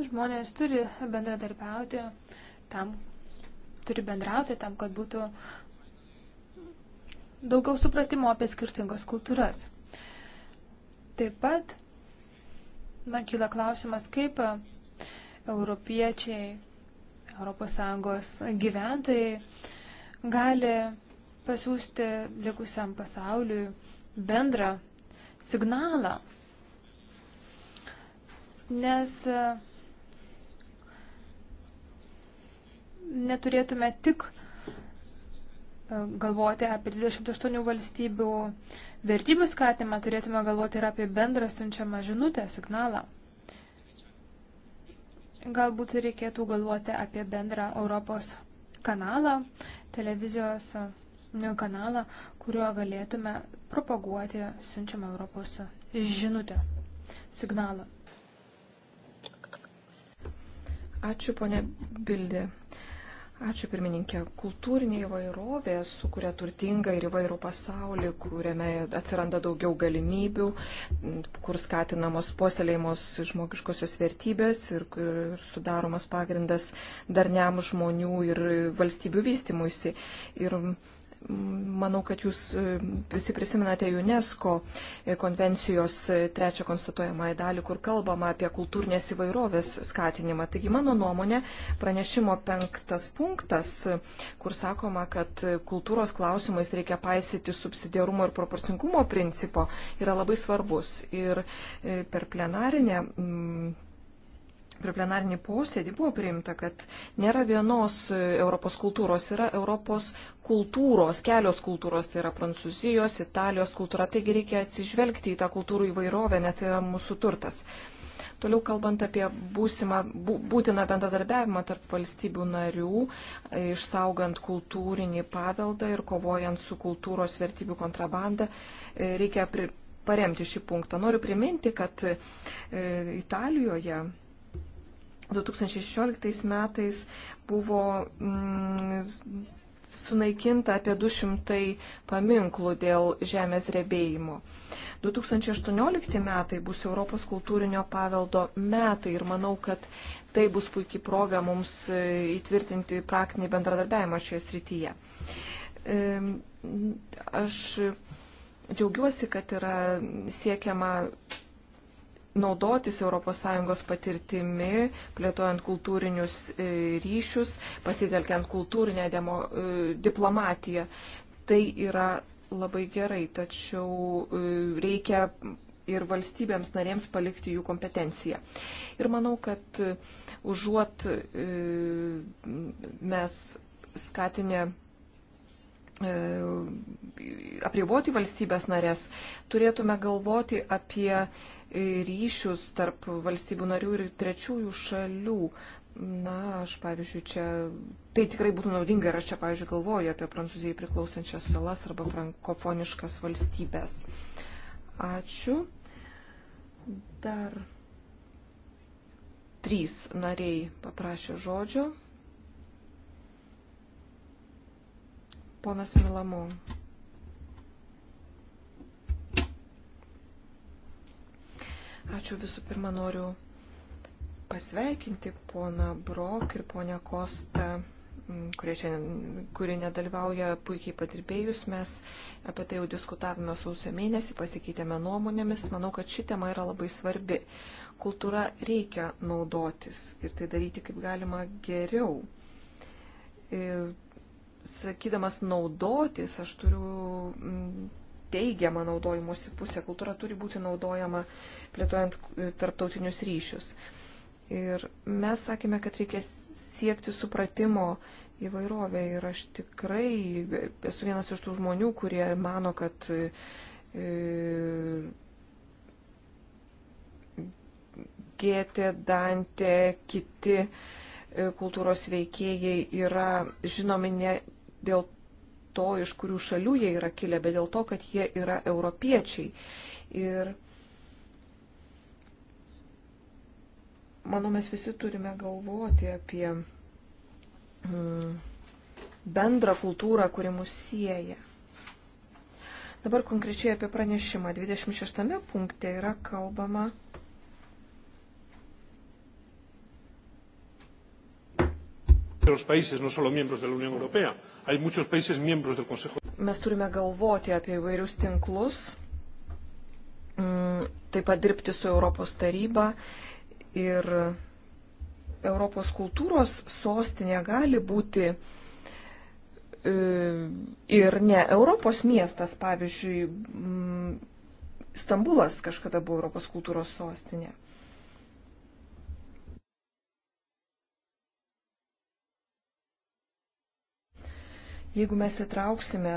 žmonės turi bendradarbiauti tam, turi bendrauti tam, kad būtų daugiau supratimo apie skirtingas kultūras. Taip pat man kyla klausimas, kaip europiečiai, ES gyventojai gali pasiūsti likusiam pasauliui bendrą signalą. Nes uh, neturėtume tik e, galvoti apie 28 valstybių vertybių skatimą, turėtume galvoti ir apie bendrą siunčiamą žinutę, signalą. Galbūt reikėtų galvoti apie bendrą Europos kanalą, televizijos e, kanalą, kuriuo galėtume propaguoti siunčiamą Europos žinutę, signalą. Ačiū, ponė Bildė. Ačiū pirmininkė. Kultūrinė įvairovė sukuria turtingą ir įvairų pasaulį, kuriame atsiranda daugiau galimybių, kur skatinamos puoselėjimos žmogiškosios vertybės ir sudaromas pagrindas darniam žmonių ir valstybių vystimuisi. Ir Manau, kad jūs e, visi prisimenate UNESCO e, konvencijos e, trečią konstatuojamąją dalį, kur kalbama apie kultūrinės įvairovės skatinimą. Taigi, mano nuomonė, pranešimo penktas punktas, kur sakoma, kad kultūros klausimais reikia paisyti subsidiarumo ir proporcingumo principo, yra labai svarbus. Ir per plenarinę per plenarinį posėdį buvo priimta, kad nėra vienos Europos kultūros, yra Europos kultūros, kelios kultūros, tai yra Prancūzijos, Italijos kultūra, taigi reikia atsižvelgti į tą kultūrų įvairovę, nes tai yra mūsų turtas. Toliau kalbant apie būsimą, būtiną bendradarbiavimą tarp valstybių narių, išsaugant kultūrinį paveldą ir kovojant su kultūros vertybių kontrabanda, e, reikia paremti šį punktą. Noriu priminti, kad e, Italijoje 2016 metais buvo mm, sunaikinta apie 200 paminklų dėl žemės drebėjimo. 2018 metai bus Europos kultūrinio paveldo metai ir manau, kad tai bus puikiai proga mums e, įtvirtinti praktinį bendradarbiavimą šioje srityje. E, aš džiaugiuosi, kad yra siekiama naudotis ES patirtimi, plėtojant kultūrinius e, ryšius, pasitelkiant kultūrinę demo, e, diplomatiją. Tai yra labai gerai, tačiau e, reikia ir valstybėms narėms palikti jų kompetenciją. Ir manau, kad užuot mes skatinę apriboti valstybės narės, turėtume galvoti apie ryšius tarp valstybių narių ir trečiųjų šalių. Na, aš pavyzdžiui, čia tai tikrai būtų naudinga ir aš čia, pavyzdžiui, galvoju apie Prancūzijai priklausančias salas arba frankofoniškas valstybės. Ačiū. Dar trys nariai paprašė žodžio. Ponas Milamon. Ačiū visų pirma, noriu pasveikinti poną Brok ir ponę Kostą, kurie šiandien, kurie nedalyvauja puikiai padirbėjus. Mes apie tai jau diskutavome sausio mėnesį, pasikeitėme nuomonėmis. Manau, kad ši tema yra labai svarbi. Kultūra reikia naudotis ir tai daryti kaip galima geriau. Ir sakydamas naudotis, aš turiu teigiamą naudojimusi pusę. Kultūra turi būti naudojama plėtojant e, tarptautinius ryšius. Ir mes sakėme, kad reikia siekti supratimo įvairovę ir aš tikrai esu vienas iš tų žmonių, kurie mano, kad e, Gėtė, Dantė, kiti e, kultūros veikėjai yra žinomi ne dėl to, iš kurių šalių jie yra kilę, bet dėl to, kad jie yra europiečiai. Ir manau, mes visi turime galvoti apie mm, bendrą kultūrą, kuri mus sieja. Dabar konkrečiai apie pranešimą. 26 punkte yra kalbama Los países, no solo miembros de la Unión Europea. Hay muchos países miembros del Consejo. Mes turime galvoti apie įvairius tinklus, mm, taip pat dirbti su Europos taryba ir Europos kultūros sostinė gali būti e, ir ne Europos miestas, pavyzdžiui, mm, Stambulas kažkada buvo Europos kultūros sostinė. Jeigu mes įtrauksime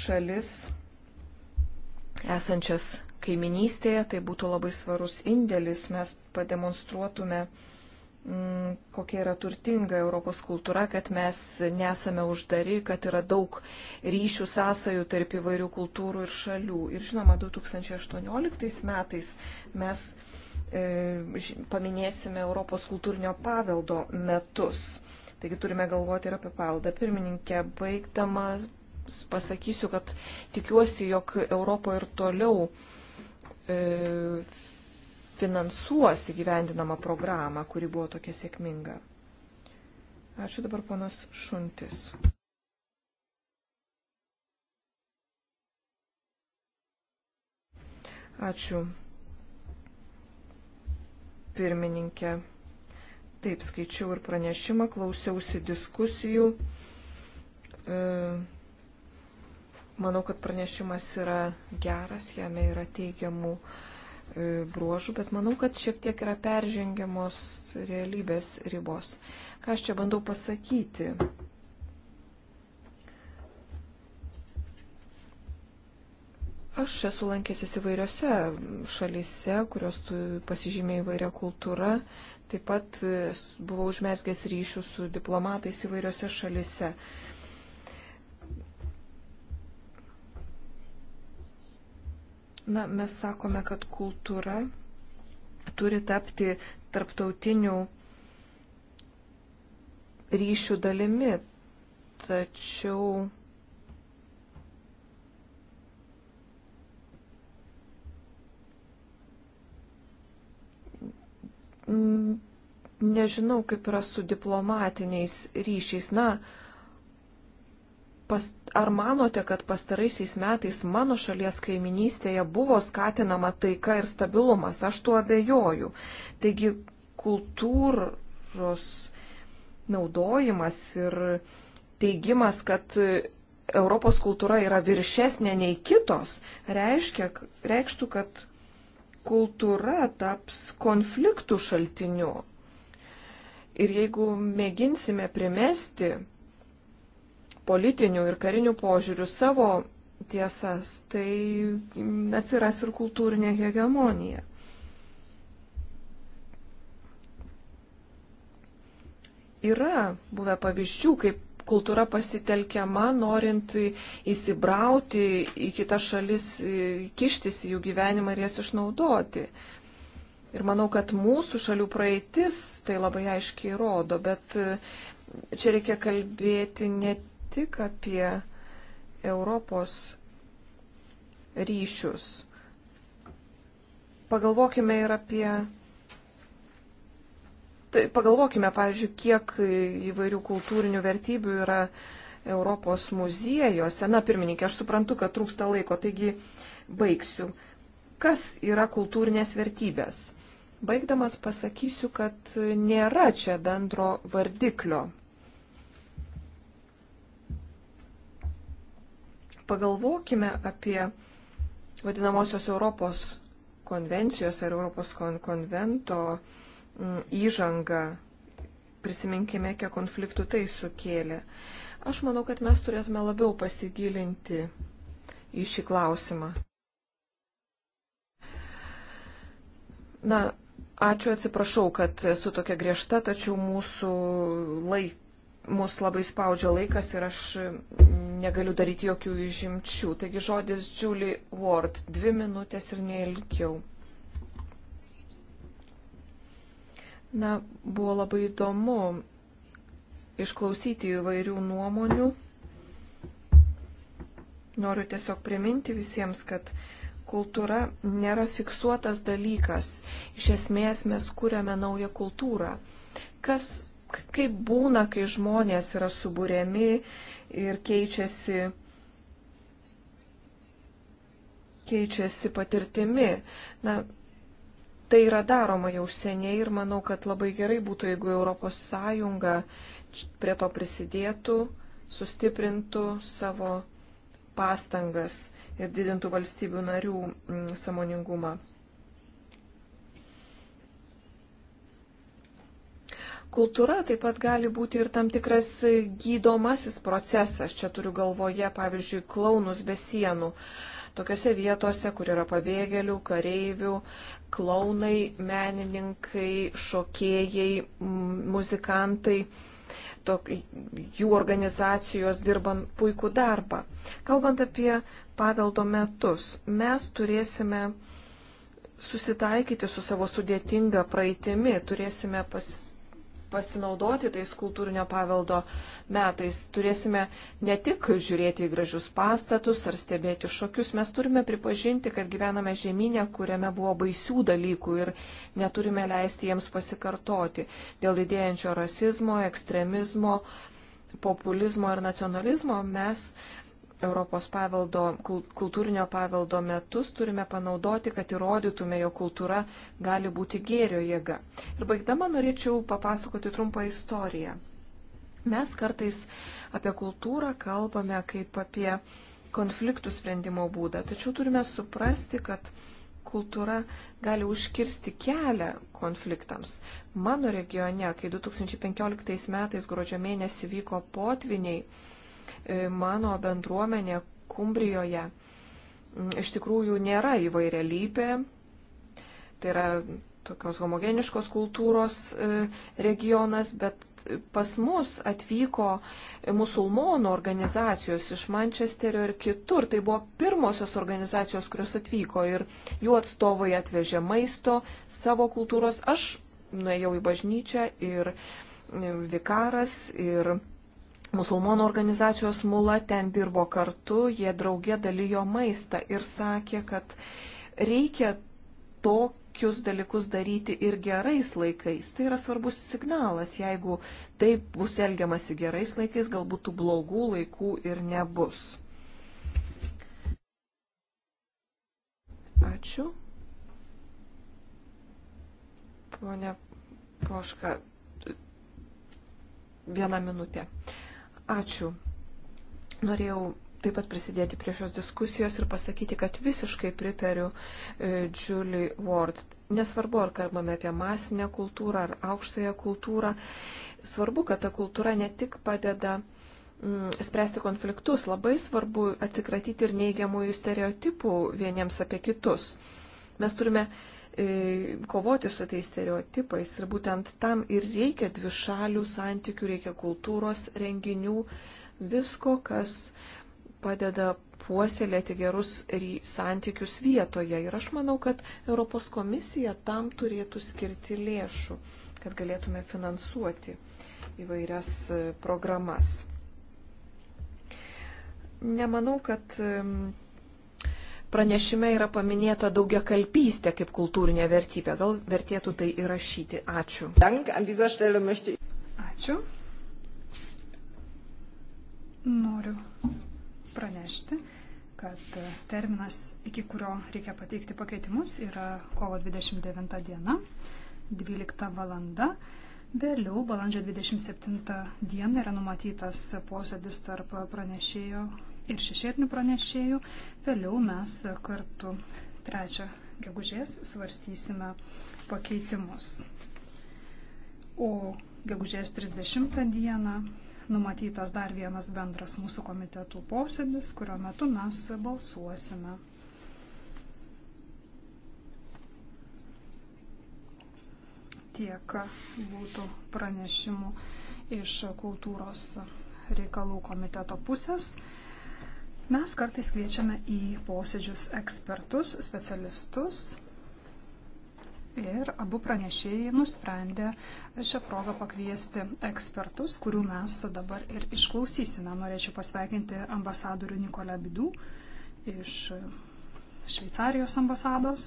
šalis esančias kaiminystėje, tai būtų labai svarus indėlis, mes pademonstruotume, mm, kokia yra turtinga Europos kultūra, kad mes nesame uždari, kad yra daug ryšių sąsajų tarp įvairių kultūrų ir šalių. Ir žinoma, 2018 metais mes e, paminėsime Europos kultūrinio paveldo metus. Taigi turime galvoti ir apie paldą. Pirmininkė, baigdamas pasakysiu, kad tikiuosi, jog Europo ir toliau e, finansuos įgyvendinamą programą, kuri buvo tokia sėkminga. Ačiū dabar panas Šuntis. Ačiū. Pirmininkė. Taip, skaičiau ir pranešimą, klausiausi diskusijų. E, manau, kad pranešimas yra geras, jame yra teigiamų e, bruožų, bet manau, kad šiek tiek yra peržengiamos realybės ribos. Ką aš čia bandau pasakyti? Aš esu lankęsis įvairiose šalyse, kurios pasižymė įvairia kultūra. E, Taip pat e, buvau užmesgęs ryšių su diplomatais įvairiose šalise. Na, mes sakome, kad kultūra turi tapti tarptautinių ryšių dalimi, tačiau Mm, nežinau, kaip yra su diplomatiniais ryšiais. Na, pas, ar manote, kad pastaraisiais metais mano šalies kaiminystėje buvo skatinama taika ir stabilumas? Aš tuo abejoju. Taigi kultūros naudojimas ir teigimas, kad Europos kultūra yra viršesnė nei kitos, reiškia, reikštų, kad kultūra taps konfliktų šaltiniu. Ir jeigu mėginsime primesti politinių ir karinių požiūrių savo tiesas, tai atsiras ir kultūrinė hegemonija. Yra buvę pavyzdžių, kaip kultūra pasitelkiama, norint įsibrauti į kitas šalis, kištis į jų gyvenimą ir jas išnaudoti. Ir manau, kad mūsų šalių praeitis tai labai aiškiai rodo, bet e, čia reikia kalbėti ne tik apie Europos ryšius. Pagalvokime ir apie Tai pagalvokime, pavyzdžiui, kiek įvairių kultūrinių vertybių yra Europos muziejuose. Na, pirmininkė, aš suprantu, kad trūksta laiko, taigi baigsiu. Kas yra kultūrinės vertybės? Baigdamas pasakysiu, kad nėra čia bendro vardiklio. Pagalvokime apie vadinamosios Europos konvencijos ar Europos kon konvento Mm, įžangą. Prisiminkime, kiek konfliktų tai sukėlė. Aš manau, kad mes turėtume labiau pasigilinti į šį klausimą. Na, ačiū atsiprašau, kad esu tokia griežta, tačiau mūsų laik, mūsų labai spaudžia laikas ir aš negaliu daryti jokių išimčių. Taigi žodis Julie Ward, dvi minutės ir neilgiau. Na, buvo labai įdomu išklausyti įvairių nuomonių. Noriu tiesiog priminti visiems, kad kultūra nėra fiksuotas dalykas. Iš esmės mes kūrėme naują kultūrą. Kas, kaip būna, kai žmonės yra subūrėmi ir keičiasi, keičiasi patirtimi. Na, tai yra daroma jau seniai ir manau, kad labai gerai būtų, jeigu ES prie to prisidėtų, sustiprintų savo pastangas ir didintų valstybių narių mm, samoningumą. Kultūra taip pat gali būti ir tam tikras gydomasis procesas. Čia turiu galvoje, pavyzdžiui, klaunus be sienų. Tokiose vietose, kur yra pabėgėlių, kareivių, klaunai, menininkai, šokėjai, muzikantai. Tok, jų organizacijos dirbant puikų darbą. Kalbant apie paveldo metus, mes turėsime susitaikyti su savo sudėtinga praeitimi, turėsime pas, pasinaudoti tais kultūrinio paveldo metais. Turėsime ne tik žiūrėti į gražius pastatus ar stebėti šokius, mes turime pripažinti, kad gyvename žemynė, kuriame buvo baisių dalykų ir neturime leisti jiems pasikartoti dėl didėjančio rasizmo, ekstremizmo populizmo ir nacionalizmo mes Europos paveldo, kultūrinio paveldo metus turime panaudoti, kad įrodytume, jo kultūra gali būti gėrio jėga. Ir baigdama norėčiau papasakoti trumpą istoriją. Mes kartais apie kultūrą kalbame kaip apie konfliktų sprendimo būdą, tačiau turime suprasti, kad kultūra gali užkirsti kelią konfliktams. Mano regione, kai 2015 metais gruodžio mėnesį vyko potviniai, E, mano bendruomenė Kumbrijoje iš tikrųjų nėra įvairialypė. Tai yra tokios homogeniškos kultūros e, regionas, bet pas mus atvyko musulmonų organizacijos iš Mančesterio ir kitur. Tai buvo pirmosios organizacijos, kurios atvyko ir jų atstovai atvežė maisto, savo kultūros. Aš nuėjau į bažnyčią ir vikaras ir musulmonų organizacijos mula ten dirbo kartu, jie draugė dalyjo maistą ir sakė, kad reikia tokius dalykus daryti ir gerais laikais. Tai yra svarbus signalas, jeigu taip bus elgiamasi gerais laikais, galbūt tų blogų laikų ir nebus. Ačiū. Pone Poška, vieną minutę. Uh, Ačiū. Norėjau taip pat prisidėti prie šios diskusijos ir pasakyti, kad visiškai pritariu e, Julie Ward. Nesvarbu, ar kalbame apie masinę kultūrą ar aukštąją kultūrą, svarbu, kad ta kultūra ne tik padeda mm, spręsti konfliktus, labai svarbu atsikratyti ir neigiamųjų stereotipų vieniems apie kitus. Mes turime uh, E, kovoti su tais stereotipais ir būtent tam ir reikia dvišalių santykių, reikia kultūros renginių, visko, kas padeda puoselėti gerus santykius vietoje. Ir aš manau, kad Europos komisija tam turėtų skirti lėšų, kad galėtume finansuoti įvairias e, programas. Nemanau, kad Pranešime yra paminėta daugia kalpystė kaip kultūrinė vertybė. Gal vertėtų tai įrašyti. Ačiū. Ačiū. Noriu pranešti, kad terminas, iki kurio reikia pateikti pakeitimus, yra kovo 29 diena, 12 valanda. Vėliau, balandžio 27 dieną yra numatytas posėdis tarp pranešėjo ir šešėlinių pranešėjų. Vėliau mes kartu trečią gegužės svarstysime pakeitimus. O gegužės 30 dieną numatytas dar vienas bendras mūsų komitetų posėdis, kurio metu mes balsuosime. Tiek būtų pranešimų iš kultūros reikalų komiteto pusės. Mes kartais kviečiame į posėdžius ekspertus, specialistus ir abu pranešėjai nusprendė šią progą pakviesti ekspertus, kurių mes dabar ir išklausysime. Norėčiau pasveikinti ambasadorių Nikolę Bidų iš Šveicarijos ambasados.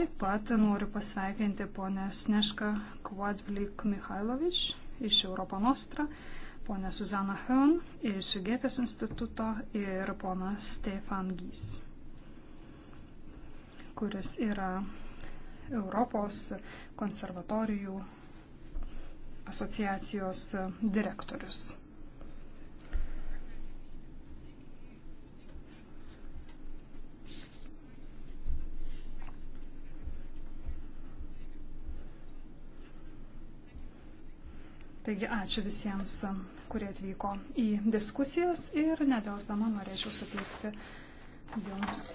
Taip pat noriu pasveikinti ponę Snešką Kvadvlik Mihailovič iš Europanostra. Nostra ponė Suzana Hön iš Gėtės instituto ir ponas Stefan Gys, kuris yra Europos konservatorijų asociacijos direktorius. Taigi ačiū visiems kurie atvyko į diskusijas ir nedėlsdama norėčiau suteikti jums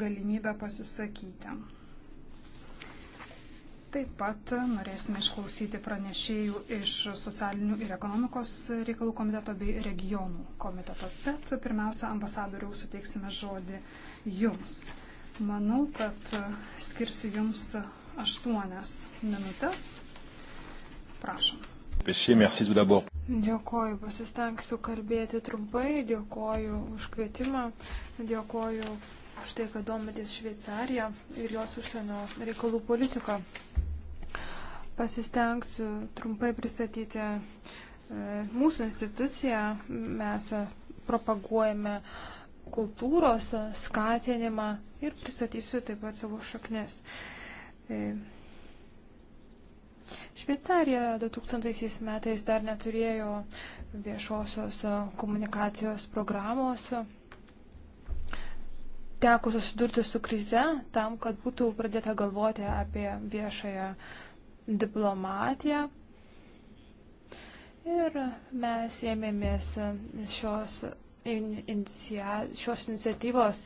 galimybę pasisakyti. Taip pat norėsime išklausyti pranešėjų iš socialinių ir ekonomikos reikalų komiteto bei regionų komiteto. Bet pirmiausia, ambasadoriau suteiksime žodį jums. Manau, kad skirsiu jums aštuonias minutės. Prašom. Dėkoju, pasistengsiu kalbėti trumpai, dėkoju už kvietimą, dėkoju už tai, kad domitės Šveicariją ir jos užsienio reikalų politiką. Pasistengsiu trumpai pristatyti e, mūsų instituciją. Mes e, propaguojame kultūros e, skatinimą ir pristatysiu taip pat savo šaknis. Šveicarija 2000 metais dar neturėjo viešosios e, komunikacijos programos. Teko susidurti su krize tam, kad būtų pradėta galvoti apie viešąją diplomatiją. Ir mes ėmėmės šios, inicia, šios iniciatyvos,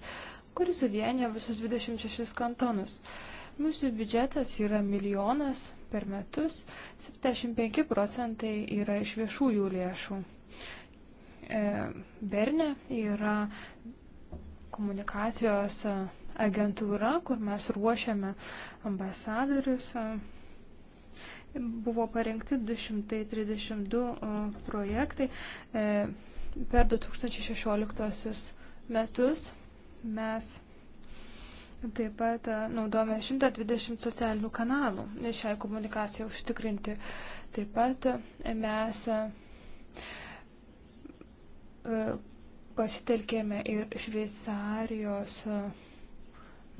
kuris suvienė visus 26 kantonus. Uh, Mūsų biudžetas yra milijonas per metus, 75 procentai yra iš viešųjų lėšų. Berne e, yra komunikacijos agentūra, kur mes ruošiame ambasadorius. Buvo parengti 232 e, projektai e, per 2016 metus. Mes Taip pat e, naudojame 120 socialinių kanalų šiai komunikacijai užtikrinti. Taip pat e, mes e, pasitelkėme ir Šveicarijos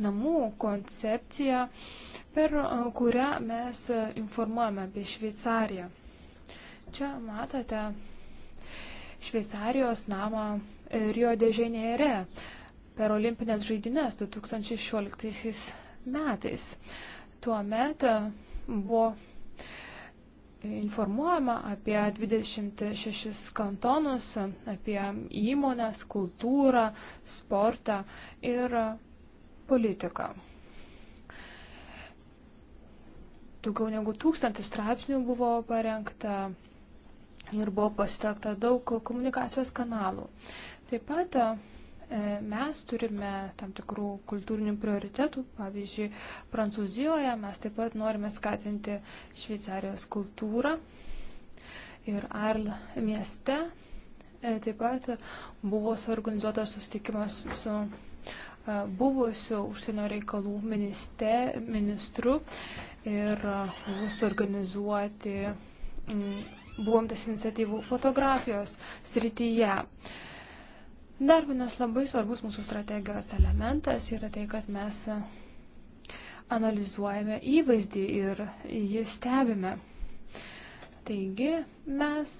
namų koncepciją, per kurią mes informuojame apie Šveicariją. Čia matote Šveicarijos namą Rio de Žinėre per olimpinės žaidynės 2016 metais. Tuomet e, buvo informuojama apie 26 kantonus, apie įmonės, kultūrą, sportą ir politiką. Daugiau negu tūkstantis straipsnių buvo parengta ir buvo pasitekta daug komunikacijos kanalų. Taip pat e, E, mes turime tam tikrų kultūrinių prioritetų, pavyzdžiui, Prancūzijoje mes taip pat norime skatinti Šveicarijos kultūrą ir Arl mieste e, taip pat buvo suorganizuotas susitikimas su e, buvusiu užsienio reikalų ministė, ministru ir buvo suorganizuoti buvom tas iniciatyvų fotografijos srityje. Uh, Dar vienas labai svarbus mūsų strategijos elementas yra tai, kad mes analizuojame įvaizdį ir jį stebime. Taigi mes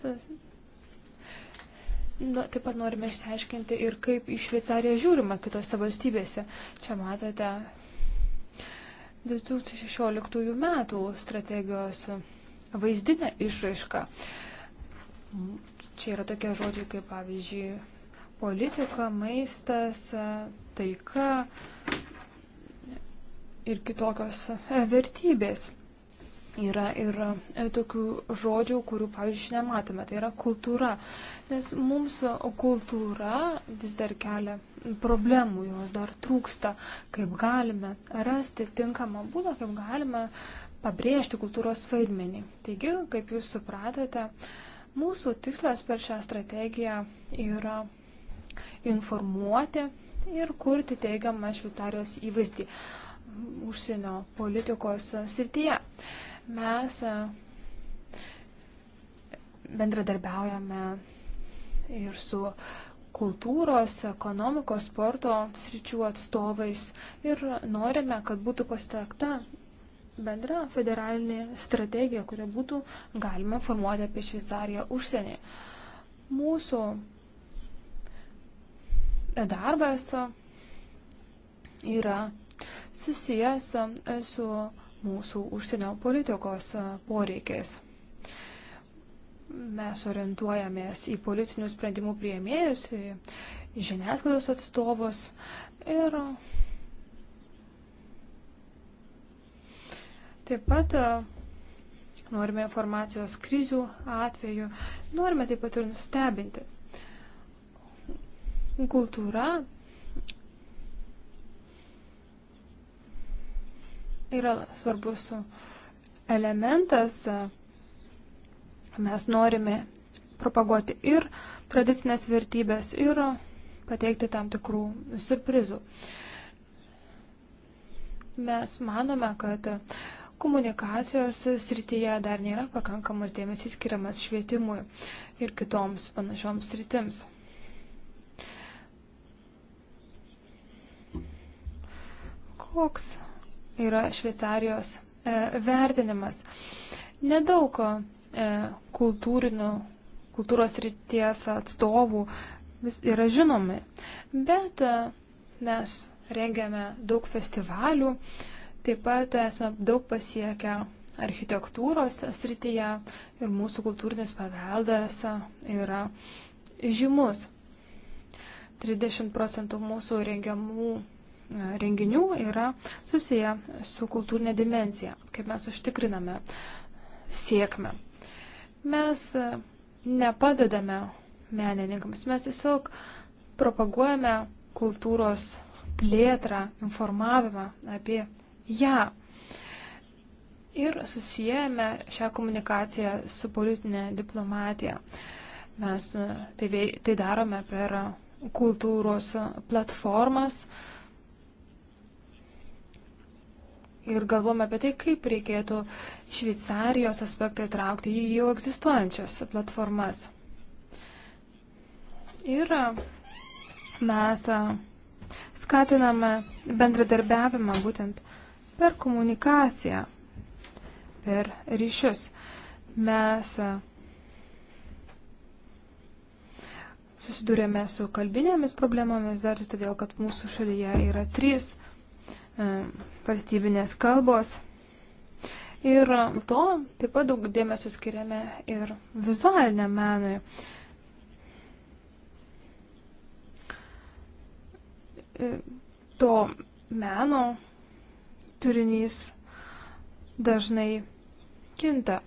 Na, taip pat norime išsiaiškinti ir kaip į Šveicariją žiūrima kitose valstybėse. Čia matote 2016 metų strategijos vaizdinę išraišką. Čia yra tokie žodžiai kaip pavyzdžiui politika, maistas, taika ir kitokios e, vertybės. Yra ir e, tokių žodžių, kurių, pavyzdžiui, nematome. Tai yra kultūra. Nes mums kultūra vis dar kelia problemų, jos dar trūksta. Kaip galime rasti tinkamą būdą, kaip galime pabrėžti kultūros vaidmenį. Taigi, kaip jūs supratote, mūsų tikslas per šią strategiją yra informuoti ir kurti teigiamą Šveicarijos įvaizdį užsienio politikos srityje. Mes e, bendradarbiaujame ir su kultūros, ekonomikos, sporto sričių atstovais ir norime, kad būtų pasitekta bendra federalinė strategija, kuria būtų galima formuoti apie Šveicariją užsienį. Mūsų darbas yra susijęs e, su mūsų užsienio politikos e, poreikiais. Mes orientuojamės į politinių sprendimų prieimėjus, į žiniasklaidos atstovus ir taip pat e, norime informacijos krizių atveju, norime taip pat ir nustebinti. Kultūra yra svarbus elementas. Mes norime propaguoti ir tradicinės vertybės, ir pateikti tam tikrų surprizų. Mes manome, kad komunikacijos srityje dar nėra pakankamas dėmesys skiriamas švietimui ir kitoms panašioms sritims. koks yra Šveicarijos e, vertinimas. Nedaug e, kultūrinių, kultūros ryties atstovų yra žinomi, bet e, mes rengiame daug festivalių, taip pat esame daug pasiekę architektūros srityje ir mūsų kultūrinis paveldas yra žymus. 30 procentų mūsų rengiamų renginių yra susiję su kultūrinė dimencija, kaip mes užtikriname sėkmę. Mes nepadedame menininkams, mes tiesiog propaguojame kultūros plėtrą, informavimą apie ją. Ir susijęme šią komunikaciją su politinė diplomatija. Mes tai, tai darome per kultūros platformas, uh, ir galvojame apie tai, kaip reikėtų Šveicarijos aspektą įtraukti į jau egzistuojančias platformas. Ir mes skatiname bendradarbiavimą būtent per komunikaciją, per ryšius. Mes susidurėme su kalbinėmis problemomis dar todėl, kad mūsų šalyje yra trys E, valstybinės kalbos. Ir to taip pat daug dėmesio skiriame ir vizualiniam menui. E, to meno turinys dažnai kinta.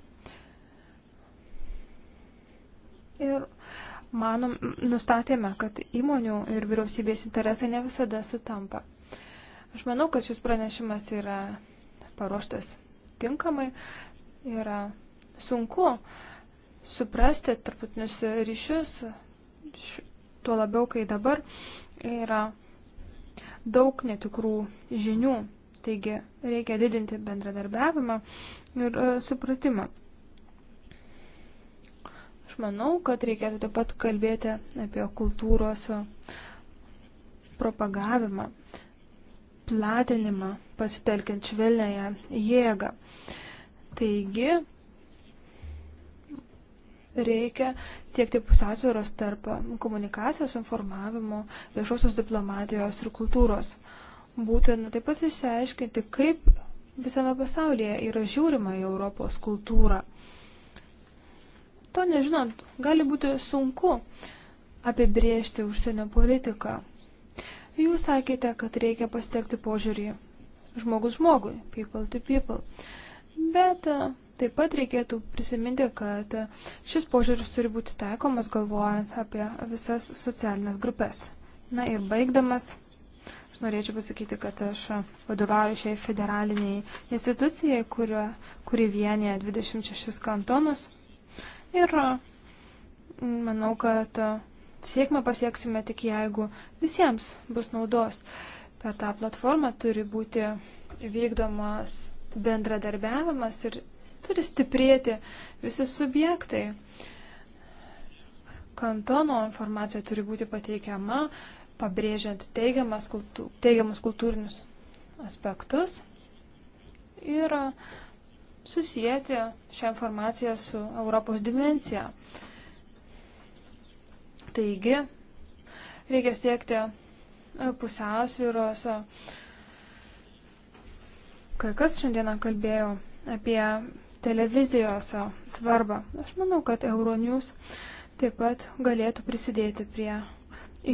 Ir manom, nustatėme, kad įmonių ir vyriausybės interesai ne visada sutampa. Aš manau, kad šis pranešimas yra paruoštas tinkamai. Yra sunku suprasti tarptautinius ryšius, tuo labiau, kai dabar yra daug netikrų žinių. Taigi reikia didinti bendradarbiavimą ir e, supratimą. Aš manau, kad reikėtų taip pat kalbėti apie kultūros propagavimą platinimą pasitelkiant švelnėją jėgą. Taigi, reikia siekti pusiausvėros tarp komunikacijos, informavimo, viešosios diplomatijos ir kultūros. Būtina taip pat išsiaiškinti, kaip visame pasaulyje yra žiūrima į Europos kultūrą. To nežinant, gali būti sunku apibriežti užsienio politiką, Jūs sakėte, kad reikia pasitekti požiūrį žmogus žmogui, people to people. Bet e, taip pat reikėtų prisiminti, kad e, šis požiūris turi būti taikomas galvojant apie visas socialinės grupės. Na ir baigdamas, aš norėčiau pasakyti, kad aš vadovauju šiai federaliniai institucijai, kurio, kuri vienyje 26 kantonus. Ir manau, kad sėkmę pasieksime tik jeigu visiems bus naudos. Per tą platformą turi būti vykdomas bendradarbiavimas ir turi stiprėti visi subjektai. Kantono informacija turi būti pateikiama, pabrėžiant kultu, teigiamus kultūrinius aspektus ir uh, susijęti šią informaciją su Europos dimencija. Uh, Taigi, reikia siekti e, pusiausvyros. Kai kas šiandieną kalbėjo apie televizijos svarbą. Aš manau, kad Euronews taip pat galėtų prisidėti prie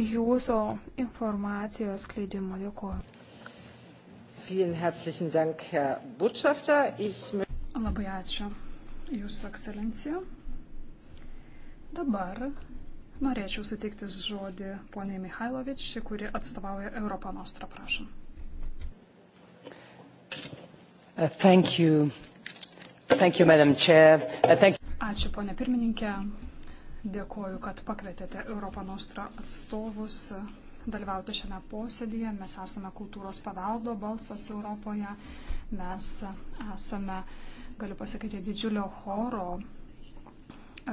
jūsų informacijos skleidimo. Dėkuoju. Labai ačiū, Jūsų ekscelencija. Dabar Norėčiau suteikti žodį poniai Mihailovič, kuri atstovauja Europą Nostrą, prašom. Uh, thank you. Thank you, Madam Chair. Uh, thank you. Ačiū, ponė pirmininkė. Dėkoju, kad pakvietėte Europą Nostrą atstovus dalyvauti šiame posėdėje. Mes esame kultūros paveldo balsas Europoje. Mes esame, galiu pasakyti, didžiulio choro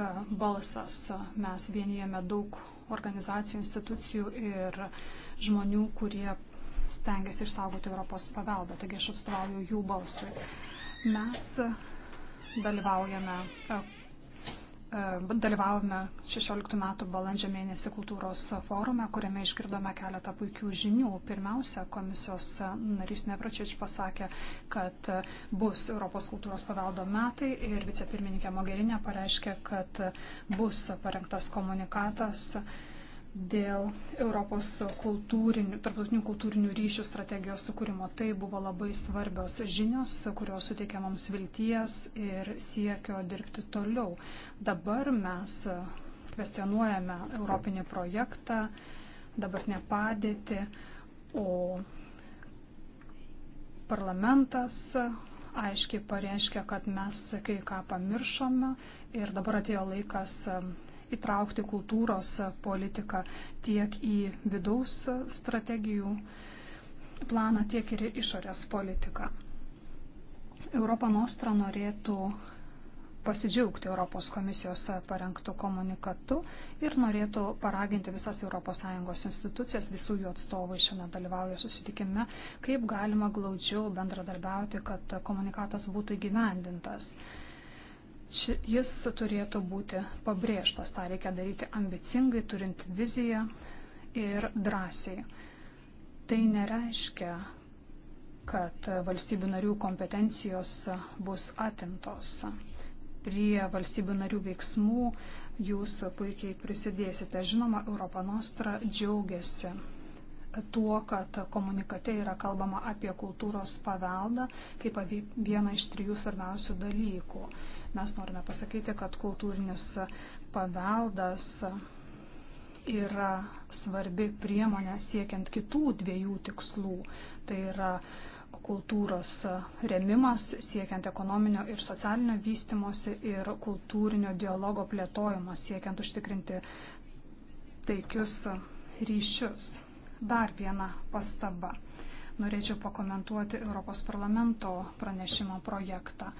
E, balsas. Mes vienijame daug organizacijų, institucijų ir žmonių, kurie stengiasi išsaugoti Europos paveldą. Taigi aš atstovauju jų balsui. Mes dalyvaujame e, E, dalyvavome 16 metų balandžio mėnesį kultūros forume, kuriame išgirdome keletą puikių žinių. Pirmiausia, komisijos narys Nevračič pasakė, kad bus Europos kultūros paveldo metai ir vicepirmininkė Mogerinė pareiškė, kad bus parengtas komunikatas dėl Europos kultūrinių, tarptautinių kultūrinių ryšių strategijos sukūrimo. Tai buvo labai svarbios žinios, kurios suteikia mums vilties ir siekio dirbti toliau. Dabar mes kvestionuojame Europinį projektą, dabartinę padėtį, o parlamentas aiškiai pareiškia, kad mes kai ką pamiršome ir dabar atėjo laikas įtraukti kultūros politiką tiek į vidaus strategijų planą, tiek ir į išorės politiką. Europa Nostra norėtų pasidžiaugti Europos komisijos parengtų komunikatu ir norėtų paraginti visas ES institucijas, visų jų atstovai šiandien dalyvauja susitikime, kaip galima glaudžiau bendradarbiauti, kad komunikatas būtų įgyvendintas. Ši, jis turėtų būti pabrėžtas, tą reikia daryti ambicingai, turint viziją ir drąsiai. Tai nereiškia, kad valstybių narių kompetencijos bus atimtos. Prie valstybių narių veiksmų jūs puikiai prisidėsite. Žinoma, Europa Nostra džiaugiasi tuo, kad komunikate yra kalbama apie kultūros paveldą kaip apie vieną iš trijų svarbiausių dalykų. Mes norime pasakyti, kad kultūrinis paveldas yra svarbi priemonė siekiant kitų dviejų tikslų. Tai yra kultūros remimas siekiant ekonominio ir socialinio vystimosi ir kultūrinio dialogo plėtojimas siekiant užtikrinti taikius ryšius. Dar viena pastaba. Norėčiau pakomentuoti Europos parlamento pranešimo projektą.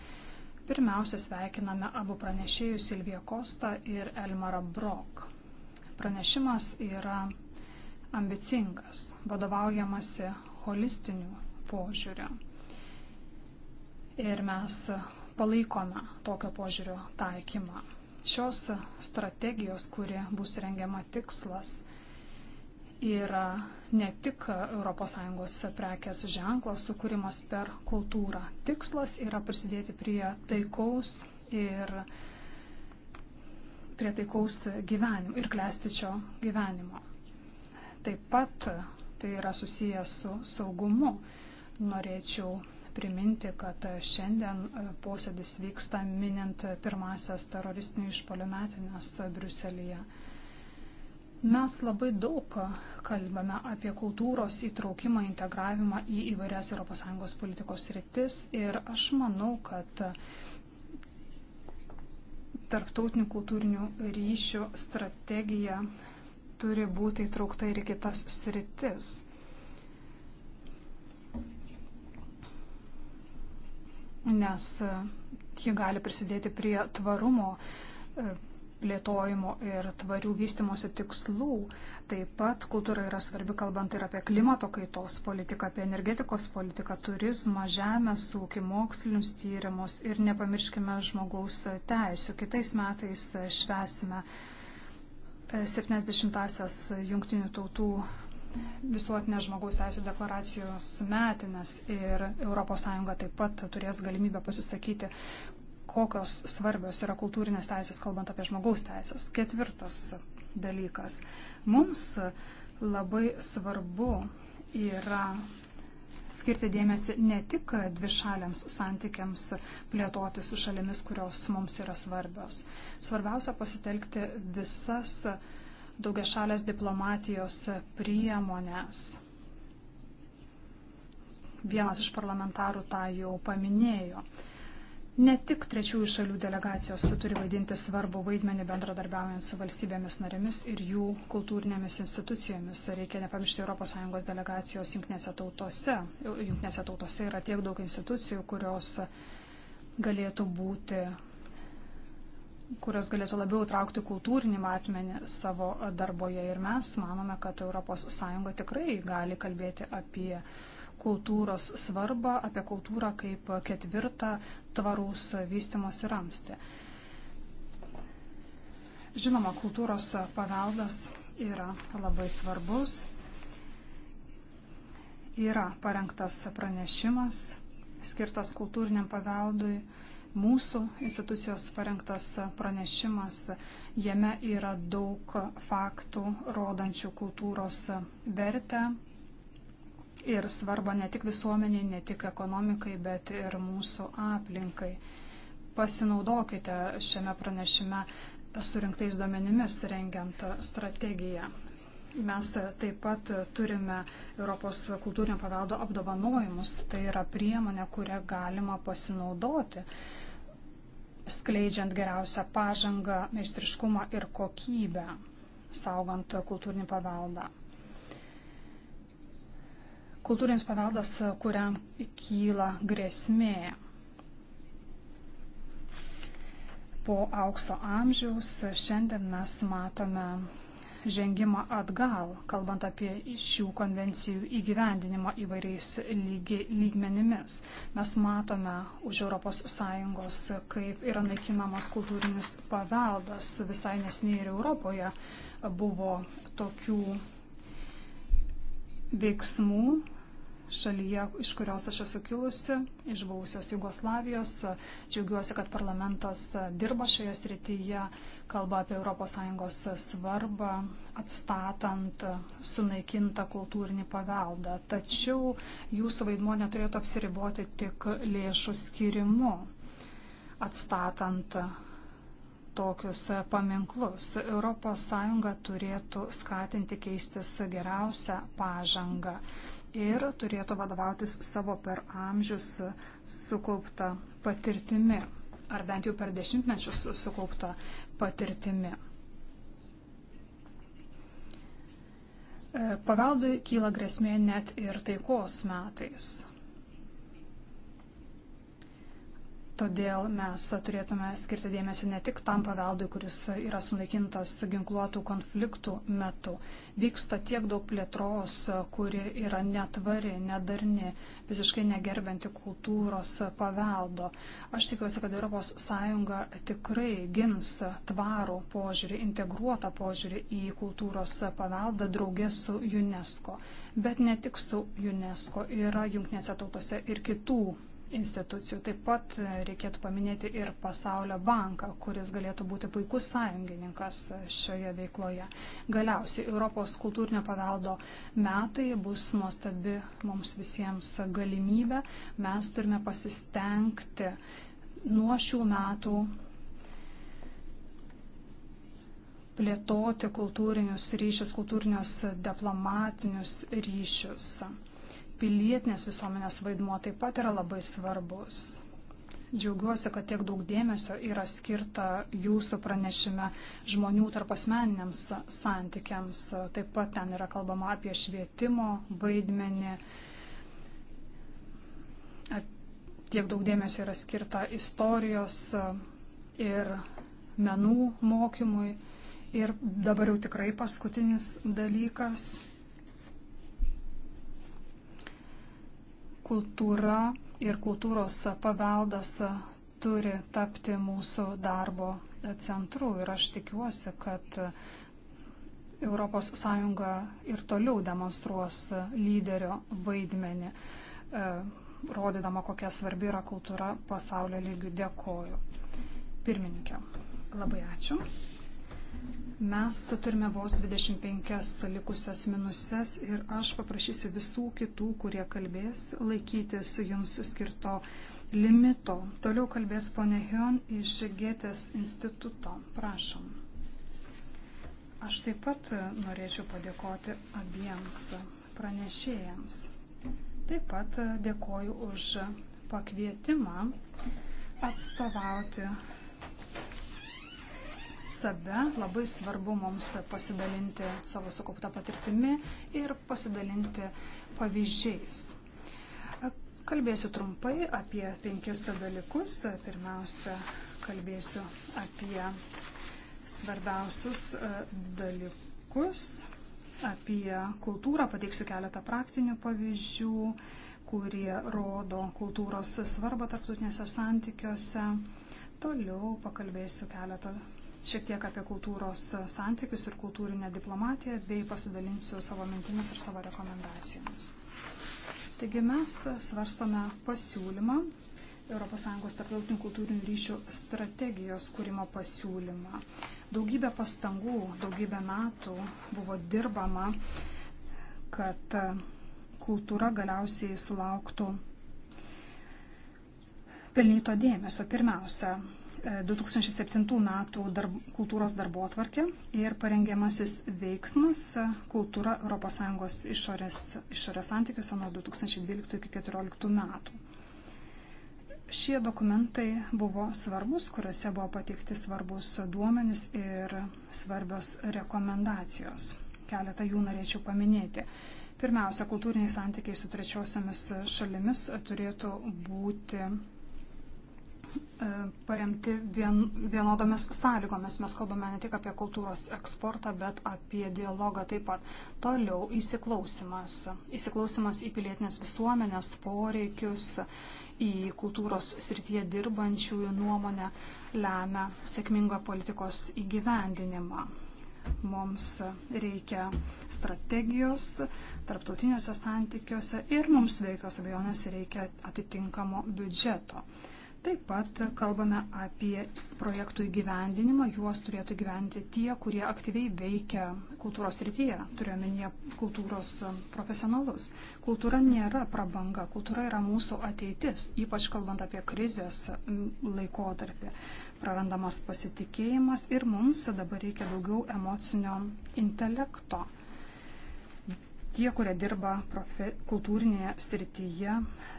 Pirmiausia, sveikiname abu pranešėjus Silviją Kostą ir Elmarą Brok. Pranešimas yra ambicingas, vadovaujamasi holistiniu požiūriu. Ir mes palaikome tokio požiūrio taikymą. Šios strategijos, kuri bus rengiama tikslas, yra ne tik ES prekės ženklo sukūrimas per kultūrą. Tikslas yra prisidėti prie taikaus ir prie taikaus gyvenimo ir klestičio gyvenimo. Taip pat tai yra susijęs su saugumu. Norėčiau priminti, kad šiandien posėdis vyksta minint pirmasias teroristinių išpolių metinės Briuselėje. Mes labai daug kalbame apie kultūros įtraukimą, integravimą į įvairias ES politikos rytis ir aš manau, kad tarptautinių kultūrinių ryšių strategija turi būti įtraukta ir į kitas sritis. Nes ji gali prisidėti prie tvarumo plėtojimo ir tvarių vystimosi tikslų. Taip pat kultūra yra svarbi, kalbant ir apie klimato kaitos politiką, apie energetikos politiką, turizmą, žemės ūkį, mokslinius tyrimus ir nepamirškime žmogaus teisų. Kitais metais švesime 70-asias jungtinių tautų visuotinės žmogaus teisų deklaracijos metinės ir ES taip pat turės galimybę pasisakyti, kokios svarbios yra kultūrinės teisės, kalbant apie žmogaus teisės. Ketvirtas dalykas. Mums labai svarbu yra skirti dėmesį ne tik dvišaliams santykiams plėtoti su šalimis, kurios mums yra svarbios. Svarbiausia pasitelkti visas daugiašalės diplomatijos priemonės. Vienas iš parlamentarų tą jau paminėjo. Ne tik trečiųjų šalių delegacijos turi vaidinti svarbu vaidmenį bendradarbiaujant su valstybėmis narėmis ir jų kultūrinėmis institucijomis. Reikia nepamiršti ES delegacijos jungtinėse tautose. Jungtinėse tautose yra tiek daug institucijų, kurios galėtų būti kurios galėtų labiau traukti kultūrinį matmenį savo darboje. Ir mes manome, kad ES tikrai gali kalbėti apie kultūros svarbą, apie kultūrą kaip ketvirtą tvaraus vystimosi ramstį. Žinoma, kultūros paveldas yra labai svarbus. Yra parengtas pranešimas skirtas kultūriniam paveldui. Mūsų institucijos parengtas pranešimas, jame yra daug faktų rodančių kultūros vertę, ir svarbą ne tik visuomeniai, ne tik ekonomikai, bet ir mūsų aplinkai. Pasinaudokite šiame pranešime surinktais duomenimis rengiant strategiją. Mes taip pat turime Europos kultūrinio paveldo apdovanojimus. Tai yra priemonė, kurią galima pasinaudoti, skleidžiant geriausią pažangą, meistriškumą ir kokybę, saugant kultūrinį paveldą kultūrinis paveldas, kuriam kyla grėsmė. Po aukso amžiaus šiandien mes matome žengimą atgal, kalbant apie šių konvencijų įgyvendinimą įvairiais lygi, lygmenimis. Mes matome už ES, kaip yra naikinamas kultūrinis paveldas. Visai nesiniai ir Europoje buvo tokių veiksmų šalyje, iš kurios aš esu kilusi, iš buvusios Jugoslavijos. Džiaugiuosi, kad parlamentas dirba šioje srityje, kalba apie ES svarbą, atstatant sunaikintą kultūrinį paveldą. Tačiau jūsų vaidmo neturėtų apsiriboti tik lėšų skirimu, atstatant tokius paminklus. ES turėtų skatinti keistis geriausią pažangą ir turėtų vadovautis savo per amžius sukauptą patirtimi, ar bent jau per dešimtmečius sukauptą patirtimi. Paveldui kyla grėsmė net ir taikos metais. Todėl mes turėtume skirti dėmesį ne tik tam paveldui, kuris yra sunaikintas ginkluotų konfliktų metu. Vyksta tiek daug plėtros, kuri yra netvari, nedarni, visiškai negerbinti kultūros paveldo. Aš tikiuosi, kad ES tikrai gins tvarų požiūrį, integruotą požiūrį į kultūros paveldą draugė su UNESCO. Bet ne tik su UNESCO, yra jungtinėse tautose ir kitų institucijų. Taip pat reikėtų paminėti ir Pasaulio banką, kuris galėtų būti puikus sąjungininkas šioje veikloje. Galiausiai Europos kultūrinio paveldo metai bus nuostabi mums visiems galimybė. Mes turime pasistengti nuo šių metų plėtoti kultūrinius ryšius, kultūrinius diplomatinius ryšius pilietinės visuomenės vaidmuo taip pat yra labai svarbus. Džiaugiuosi, kad tiek daug dėmesio yra skirta jūsų pranešime žmonių tarp asmeniniams santykiams. Taip pat ten yra kalbama apie švietimo vaidmenį. Tiek daug dėmesio yra skirta istorijos ir menų mokymui. Ir dabar jau tikrai paskutinis dalykas kultūra ir kultūros paveldas turi tapti mūsų darbo centru ir aš tikiuosi, kad ES ir toliau demonstruos lyderio vaidmenį, e, rodydama, kokia svarbi yra kultūra pasaulio lygių. Dėkoju. Pirmininkė, labai ačiū. Mes turime vos 25 likusias minuses ir aš paprašysiu visų kitų, kurie kalbės, laikytis jums skirto limito. Toliau kalbės ponė Hion iš Gėtės instituto. Prašom. Aš taip pat norėčiau padėkoti abiems pranešėjams. Taip pat dėkoju už pakvietimą atstovauti save, labai svarbu mums pasidalinti savo sukauptą patirtimi ir pasidalinti pavyzdžiais. Kalbėsiu trumpai apie penkis dalykus. Pirmiausia, kalbėsiu apie svarbiausius e, dalykus, apie kultūrą, pateiksiu keletą praktinių pavyzdžių, kurie rodo kultūros svarbą tarptautinėse santykiuose. Toliau pakalbėsiu keletą šiek tiek apie kultūros santykius ir kultūrinę diplomatiją, bei pasidalinsiu savo mintimis ir savo rekomendacijomis. Taigi mes svarstome pasiūlymą ES tarptautinių kultūrinių ryšių strategijos kūrimo pasiūlymą. Daugybė pastangų, daugybė metų buvo dirbama, kad kultūra galiausiai sulauktų pelnyto dėmesio. Pirmiausia, 2007 e, metų darb, kultūros darbo atvarkė ir parengiamasis veiksmas e, kultūra ES išorės, išorės santykiuose nuo 2012 iki 2014 metų. Šie dokumentai buvo svarbus, kuriuose buvo pateikti svarbus duomenys ir svarbios rekomendacijos. Keletą jų norėčiau paminėti. Pirmiausia, kultūriniai santykiai su trečiosiomis šalimis turėtų būti E, paremti vien, vienodomis sąlygomis. Mes kalbame ne tik apie kultūros eksportą, bet apie dialogą taip pat. Toliau įsiklausimas. Įsiklausimas į pilietinės visuomenės poreikius, į kultūros srityje dirbančiųjų nuomonę lemia sėkmingą politikos įgyvendinimą. Mums reikia strategijos tarptautiniuose santykiuose ir mums veikios abejonės reikia atitinkamo biudžeto. Taip pat kalbame apie projektų įgyvendinimą, juos turėtų gyventi tie, kurie aktyviai veikia kultūros rytyje, turiuomenėje kultūros e, profesionalus. Kultūra nėra prabanga, kultūra yra mūsų ateitis, ypač kalbant apie krizės laikotarpį. Prarandamas pasitikėjimas ir mums dabar reikia daugiau emocinio intelekto. Tie, kurie dirba profe... kultūrinėje srityje,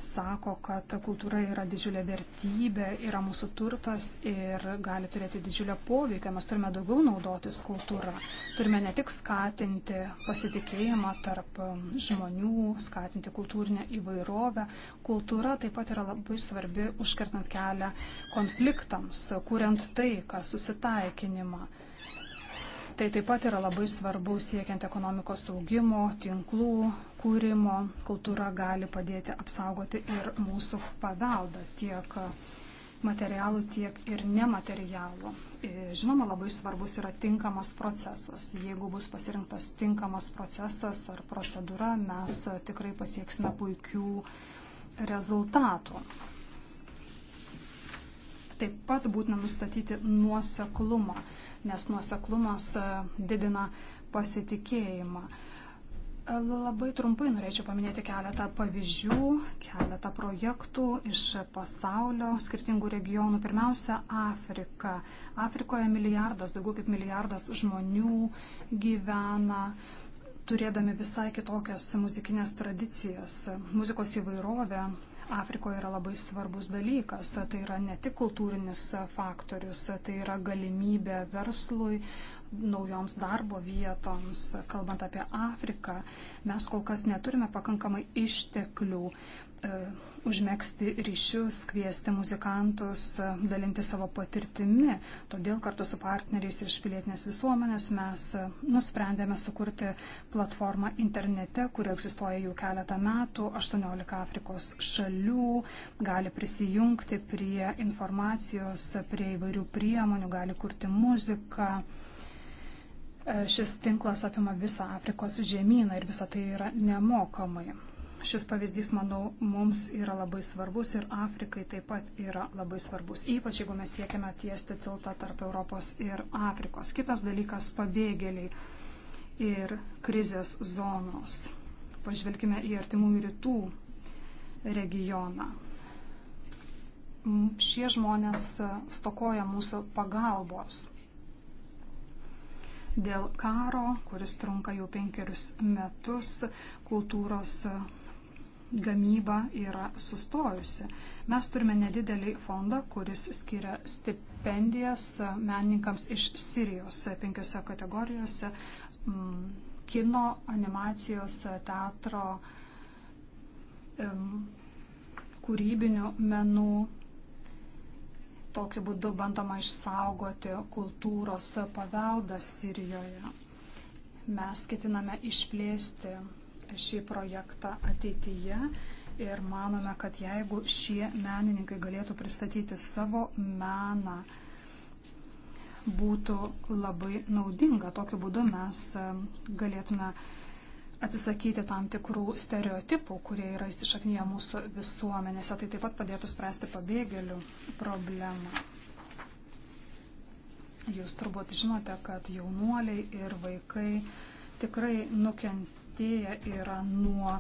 sako, kad kultūra yra didžiulė vertybė, yra mūsų turtas ir gali turėti didžiulę poveikį. Mes turime daugiau naudotis kultūra. Turime ne tik skatinti pasitikėjimą tarp um, žmonių, skatinti kultūrinę įvairovę. Kultūra taip pat yra labai svarbi užkertant kelią konfliktams, kuriant taiką, susitaikinimą. Tai taip pat yra labai svarbu siekiant ekonomikos augimo, tinklų kūrimo. Kultūra gali padėti apsaugoti ir mūsų paveldą tiek materialų, tiek ir nematerialų. E, žinoma, labai svarbus yra tinkamas procesas. Jeigu bus pasirinktas tinkamas procesas ar procedūra, mes tikrai pasieksime puikių rezultatų. Taip pat būtina nustatyti nuoseklumą nes nuoseklumas e, didina pasitikėjimą. E, labai trumpai norėčiau paminėti keletą pavyzdžių, keletą projektų iš pasaulio skirtingų regionų. Pirmiausia, Afrika. Afrikoje milijardas, daugiau kaip milijardas žmonių gyvena turėdami visai kitokias muzikinės tradicijas. Muzikos įvairovė Afrikoje yra labai svarbus dalykas. Tai yra ne tik kultūrinis faktorius, tai yra galimybė verslui, naujoms darbo vietoms. Kalbant apie Afriką, mes kol kas neturime pakankamai išteklių E, užmėgsti ryšius, kviesti muzikantus, e, dalinti savo patirtimi. Todėl kartu su partneriais iš pilietinės visuomenės mes e, nusprendėme sukurti platformą internete, kuri egzistuoja jau keletą metų. 18 Afrikos šalių gali prisijungti prie informacijos, prie įvairių priemonių, gali kurti muziką. Šis tinklas apima visą Afrikos žemyną ir visą tai yra nemokamai. Šis pavyzdys, manau, mums yra labai svarbus ir Afrikai taip pat yra labai svarbus, ypač jeigu mes siekiame tiesti tiltą tarp Europos ir Afrikos. Kitas dalykas - pabėgėliai ir krizės zonos. Pažvelkime į artimųjų rytų regioną. Šie žmonės stokoja mūsų pagalbos dėl karo, kuris trunka jau penkerius metus, kultūros gamyba yra sustojusi. Mes turime nedidelį fondą, kuris skiria stipendijas menininkams iš Sirijos penkiose kategorijose - mm, kino, animacijos, teatro, kūrybinių menų. Tokiu būdu bandoma išsaugoti kultūros paveldą Sirijoje. Mes ketiname išplėsti šį projektą ateityje ir manome, kad jeigu šie menininkai galėtų pristatyti savo meną, būtų labai naudinga. Tokiu būdu mes e, galėtume atsisakyti tam tikrų stereotipų, kurie yra įsišaknyje mūsų visuomenėse. Tai taip pat padėtų spręsti pabėgėlių problemą. Jūs turbūt žinote, kad jaunuoliai ir vaikai tikrai nukentėjo nukentėję yra nuo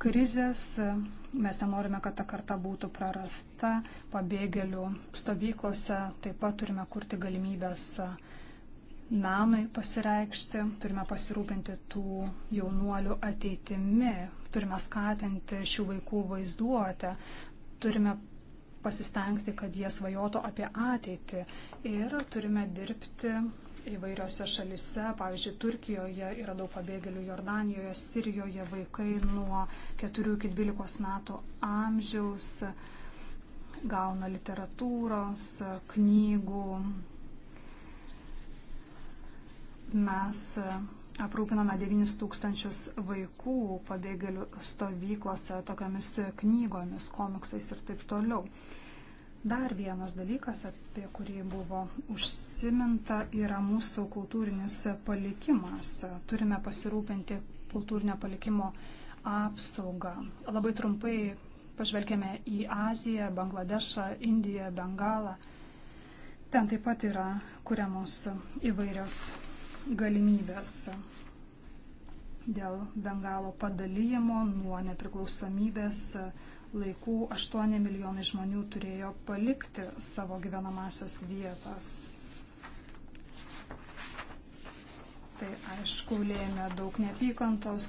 krizės. Mes nenorime, kad ta karta būtų prarasta pabėgėlių stovyklose. Taip pat turime kurti galimybės menui pasireikšti, turime pasirūpinti tų jaunuolių ateitimi, turime skatinti šių vaikų vaizduotę, turime pasistengti, kad jie svajotų apie ateitį ir turime dirbti įvairiose šalise, pavyzdžiui, Turkijoje yra daug pabėgėlių, Jordanijoje, Sirijoje vaikai nuo 4 iki 12 metų amžiaus gauna literatūros, knygų. Mes aprūpiname 9 tūkstančius vaikų pabėgėlių stovyklose tokiamis knygomis, komiksais ir taip toliau. Dar vienas dalykas, apie kurį buvo užsiminta, yra mūsų kultūrinis palikimas. Turime pasirūpinti kultūrinio palikimo apsaugą. Labai trumpai pažvelgėme į Aziją, Bangladešą, Indiją, Bengalą. Ten taip pat yra kuriamos įvairios galimybės dėl Bengalo padalyjimo nuo nepriklausomybės laikų 8 milijonai žmonių turėjo palikti savo gyvenamasias vietas. Tai aišku, lėmė daug neapykantos.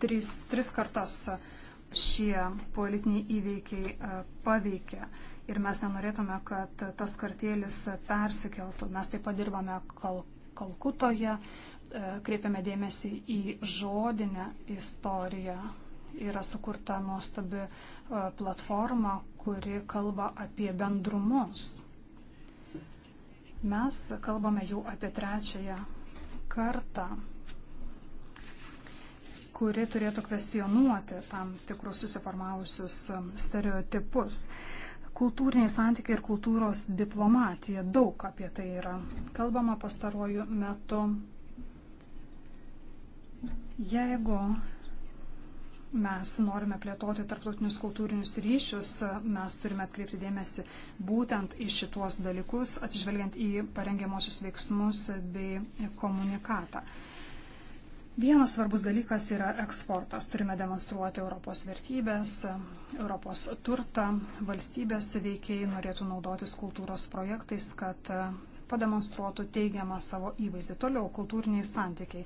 3, 3 kartas šie politiniai įveikiai e, paveikė ir mes nenorėtume, kad tas kartėlis persikeltų. Mes taip pat dirbame kol Kalkutoje. E, kreipiame dėmesį į žodinę istoriją. Yra sukurta nuostabi e, platforma, kuri kalba apie bendrumus. Mes kalbame jau apie trečiąją kartą, kuri turėtų kvestionuoti tam tikrus susiformavusius stereotipus. Kultūriniai santykiai ir kultūros diplomatija. Daug apie tai yra kalbama pastaruoju metu. Jeigu mes norime plėtoti tarptautinius kultūrinius ryšius, mes turime atkreipti dėmesį būtent į šitos dalykus, atsižvelgiant į parengiamosius veiksmus bei komunikatą. Vienas svarbus dalykas yra eksportas. Turime demonstruoti Europos vertybės, Europos turtą. Valstybės veikiai norėtų naudotis kultūros projektais, kad pademonstruotų teigiamą savo įvaizdį. Toliau kultūriniai santykiai.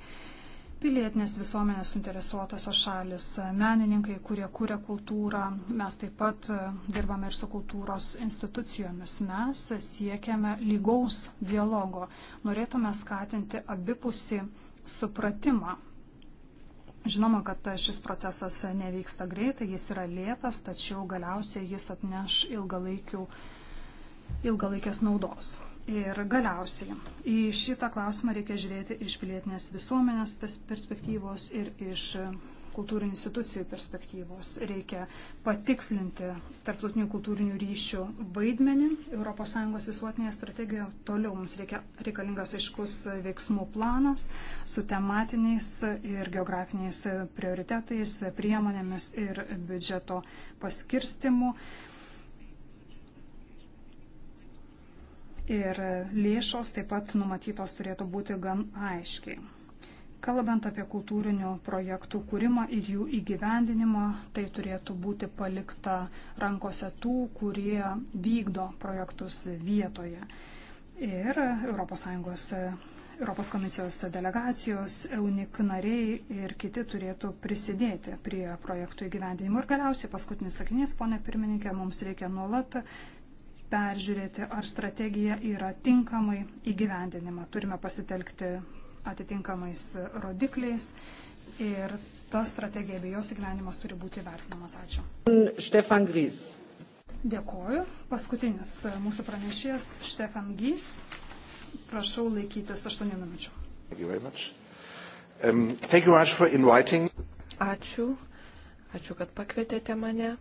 Pilietinės visuomenės suinteresuotosios šalis, menininkai, kurie kūrė kultūrą, mes taip pat dirbame ir su kultūros institucijomis. Mes siekiame lygaus dialogo. Norėtume skatinti abipusi supratimą. Žinoma, kad šis procesas nevyksta greitai, jis yra lėtas, tačiau galiausiai jis atneš ilgalaikės naudos. Ir galiausiai į šitą klausimą reikia žiūrėti iš pilietinės visuomenės perspektyvos ir iš kultūrinių institucijų perspektyvos. Reikia patikslinti tarptautinių kultūrinių ryšių vaidmenį ES visuotinėje strategijoje. Toliau mums reikia reikalingas aiškus veiksmų planas su tematiniais ir geografiniais prioritetais, priemonėmis ir biudžeto paskirstimu. Ir lėšos taip pat numatytos turėtų būti gan aiškiai. Kalbant apie kultūrinių projektų kūrimą ir jų įgyvendinimą, tai turėtų būti palikta rankose tų, kurie vykdo projektus vietoje. Ir ES, Europos komisijos delegacijos, EUNIK nariai ir kiti turėtų prisidėti prie projektų įgyvendinimo. Ir galiausiai paskutinis sakinys, ponė pirmininkė, mums reikia nuolat peržiūrėti, ar strategija yra tinkamai įgyvendinima. Turime pasitelkti atitinkamais rodikliais ir ta strategija bei jos įgyvenimas turi būti vertinamas. Ačiū. Štefan Grys. Dėkoju. Paskutinis mūsų pranešėjas Štefan Gys. Prašau laikytis 8 minučių. Um, Ačiū. Ačiū, kad pakvietėte mane.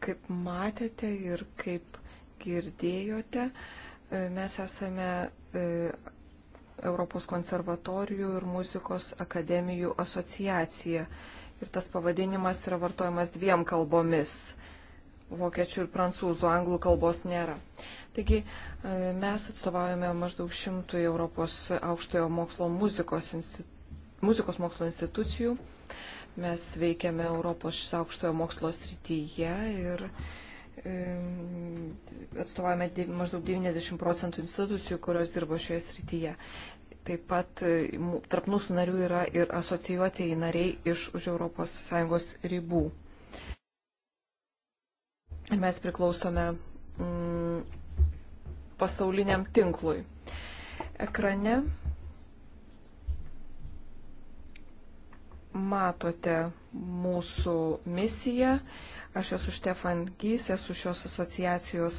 Kaip matėte ir kaip girdėjote, uh, Mes esame e, Europos konservatorijų ir muzikos akademijų asociacija. Ir tas pavadinimas yra vartojamas dviem kalbomis vokiečių ir prancūzų, anglų kalbos nėra. Taigi e, mes atstovaujame maždaug šimtui Europos aukštojo mokslo muzikos, muzikos mokslo institucijų. Mes veikiame Europos aukštojo mokslo srityje ir atstovavome maždaug 90 procentų institucijų, kurios dirbo šioje srityje. Taip pat e, tarp mūsų narių yra ir asocijuotieji nariai iš už ES ribų. Ir mes priklausome mm, pasauliniam tinklui. Ekrane matote mūsų misiją Aš esu Štefan Gys, esu šios asociacijos,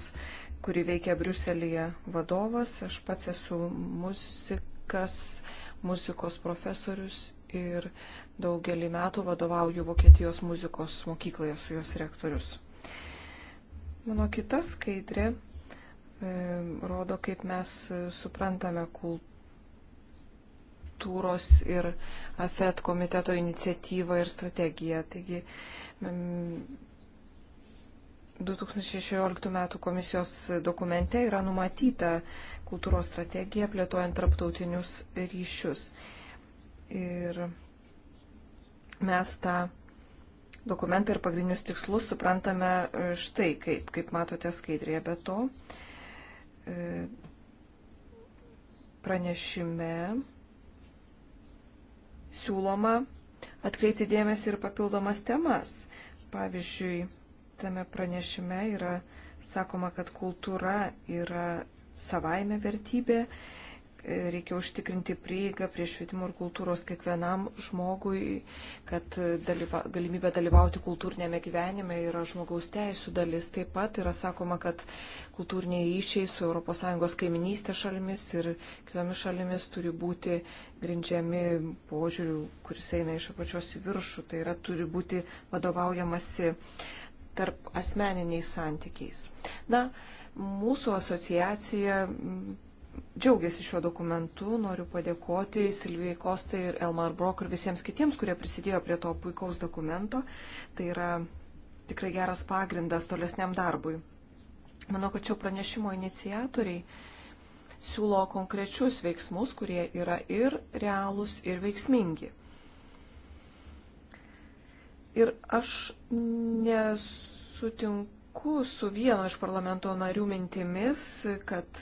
kuri veikia Briuselėje vadovas. Aš pats esu muzikas, muzikos profesorius ir daugelį metų vadovauju Vokietijos muzikos mokykloje su jos rektorius. Mano kita skaidrė e, rodo, kaip mes suprantame kultūros ir AFET komiteto iniciatyvą ir strategiją. Taigi, m, 2016 m. komisijos dokumente yra numatyta kultūros strategija plėtojant tarptautinius ryšius. Ir mes tą dokumentą ir pagrindinius tikslus suprantame štai kaip, kaip matote skaidrėje. Be to, e, pranešime siūloma atkreipti dėmesį ir papildomas temas. Pavyzdžiui, tame pranešime yra sakoma, kad kultūra yra savaime vertybė, reikia užtikrinti prieigą prie švietimo ir kultūros kiekvienam žmogui, kad dalyva, galimybė dalyvauti kultūrinėme gyvenime yra žmogaus teisų dalis. Taip pat yra sakoma, kad kultūriniai ryšiai su ES kaiminystė šalimis ir kitomis šalimis turi būti grindžiami požiūriu, kuris eina iš apačios į viršų. Tai yra turi būti vadovaujamasi uh, tarp asmeniniais santykiais. Na, mūsų asociacija mm, džiaugiasi šiuo dokumentu. Noriu padėkoti Silvijai Kostai ir Elmar Brok ir visiems kitiems, kurie prisidėjo prie to puikaus dokumento. Tai yra tikrai geras pagrindas tolesniam darbui. Manau, kad šio pranešimo inicijatoriai siūlo konkrečius veiksmus, kurie yra ir realūs, ir veiksmingi. Ir aš nesutinku su vieno iš parlamento narių mintimis, kad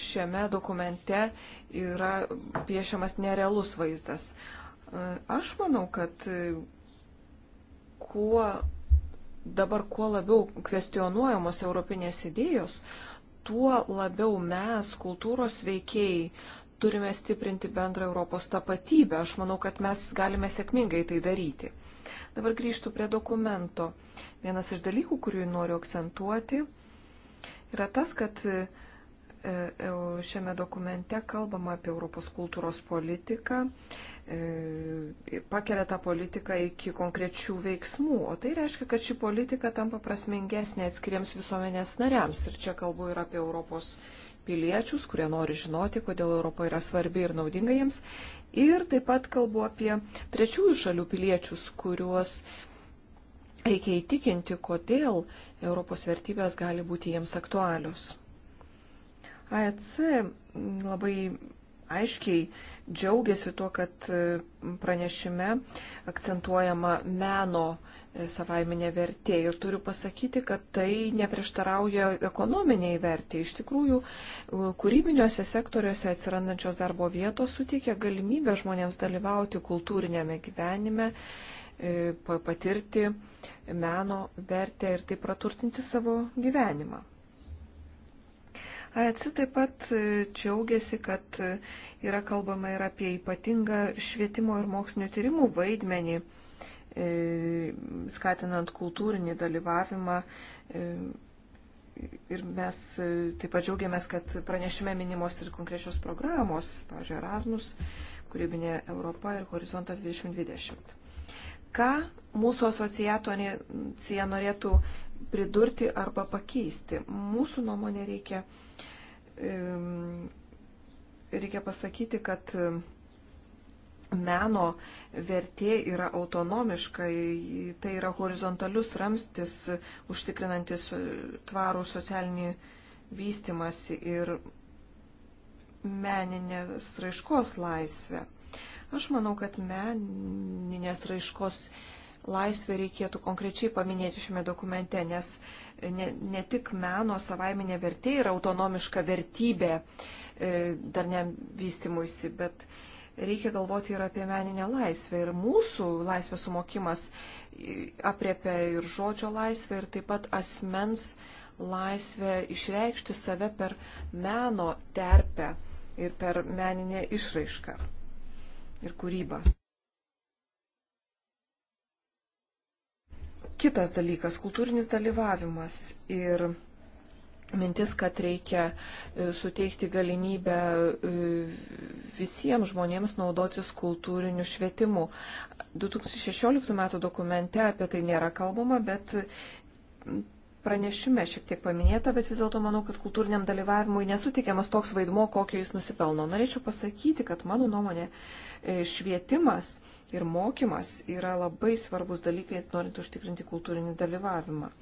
šiame dokumente yra piešiamas nerealus vaizdas. Aš manau, kad kuo dabar kuo labiau kvestionuojamos europinės idėjos, tuo labiau mes, kultūros veikėjai, turime stiprinti bendrą Europos tapatybę. Aš manau, kad mes galime sėkmingai tai daryti. Dabar grįžtų prie dokumento. Vienas iš dalykų, kuriuo noriu akcentuoti, yra tas, kad e, e, e, šiame dokumente kalbama apie Europos kultūros politiką, pakelia tą politiką iki konkrečių veiksmų, o tai reiškia, kad ši politika tampa prasmingesnė atskiriems visuomenės nariams. Ir čia kalbu ir apie Europos piliečius, kurie nori žinoti, kodėl Europa yra svarbi ir naudinga jiems, Ir taip pat kalbu apie trečiųjų šalių piliečius, kuriuos reikia įtikinti, kodėl Europos vertybės gali būti jiems aktualius. AEC labai aiškiai džiaugiasi tuo, kad pranešime akcentuojama meno savaiminė vertė. Ir turiu pasakyti, kad tai neprieštarauja ekonominiai vertė. Iš tikrųjų, kūrybiniuose sektoriuose atsirandančios darbo vietos suteikia galimybę žmonėms dalyvauti kultūrinėme gyvenime, e, patirti meno vertę ir taip praturtinti savo gyvenimą. AEC taip pat e, džiaugiasi, kad e, yra kalbama ir apie ypatingą švietimo ir mokslinio tyrimų vaidmenį E, skatinant kultūrinį dalyvavimą. E, ir mes e, taip pat džiaugiamės, kad pranešime minimos ir konkrečios programos, pavyzdžiui, Erasmus, kūrybinė Europa ir Horizontas 2020. Ką mūsų asociacija norėtų pridurti arba pakeisti? Mūsų nuomonė reikia, reikia pasakyti, kad meno vertė yra autonomiška, tai yra horizontalius ramstis, užtikrinantis tvarų socialinį vystimasi ir meninės raiškos laisvę. Aš manau, kad meninės raiškos laisvę reikėtų konkrečiai paminėti šiame dokumente, nes ne, ne tik meno savaiminė vertė yra autonomiška vertybė e, dar ne vystimuisi, bet e, reikia galvoti ir apie meninę laisvę. Ir mūsų laisvės sumokimas apriepia ir žodžio laisvę, ir taip pat asmens laisvę išreikšti save per meno terpę ir per meninę išraišką ir kūrybą. Kitas dalykas - kultūrinis dalyvavimas ir mintis, kad reikia e, suteikti galimybę e, visiems žmonėms naudotis kultūriniu švietimu. 2016 m. dokumente apie tai nėra kalbama, bet pranešime šiek tiek paminėta, bet vis dėlto manau, kad kultūriniam dalyvavimui nesutikiamas toks vaidmo, kokio jis nusipelno. Norėčiau pasakyti, kad mano nuomonė e, švietimas ir mokymas yra labai svarbus dalykai, norint užtikrinti kultūrinį dalyvavimą.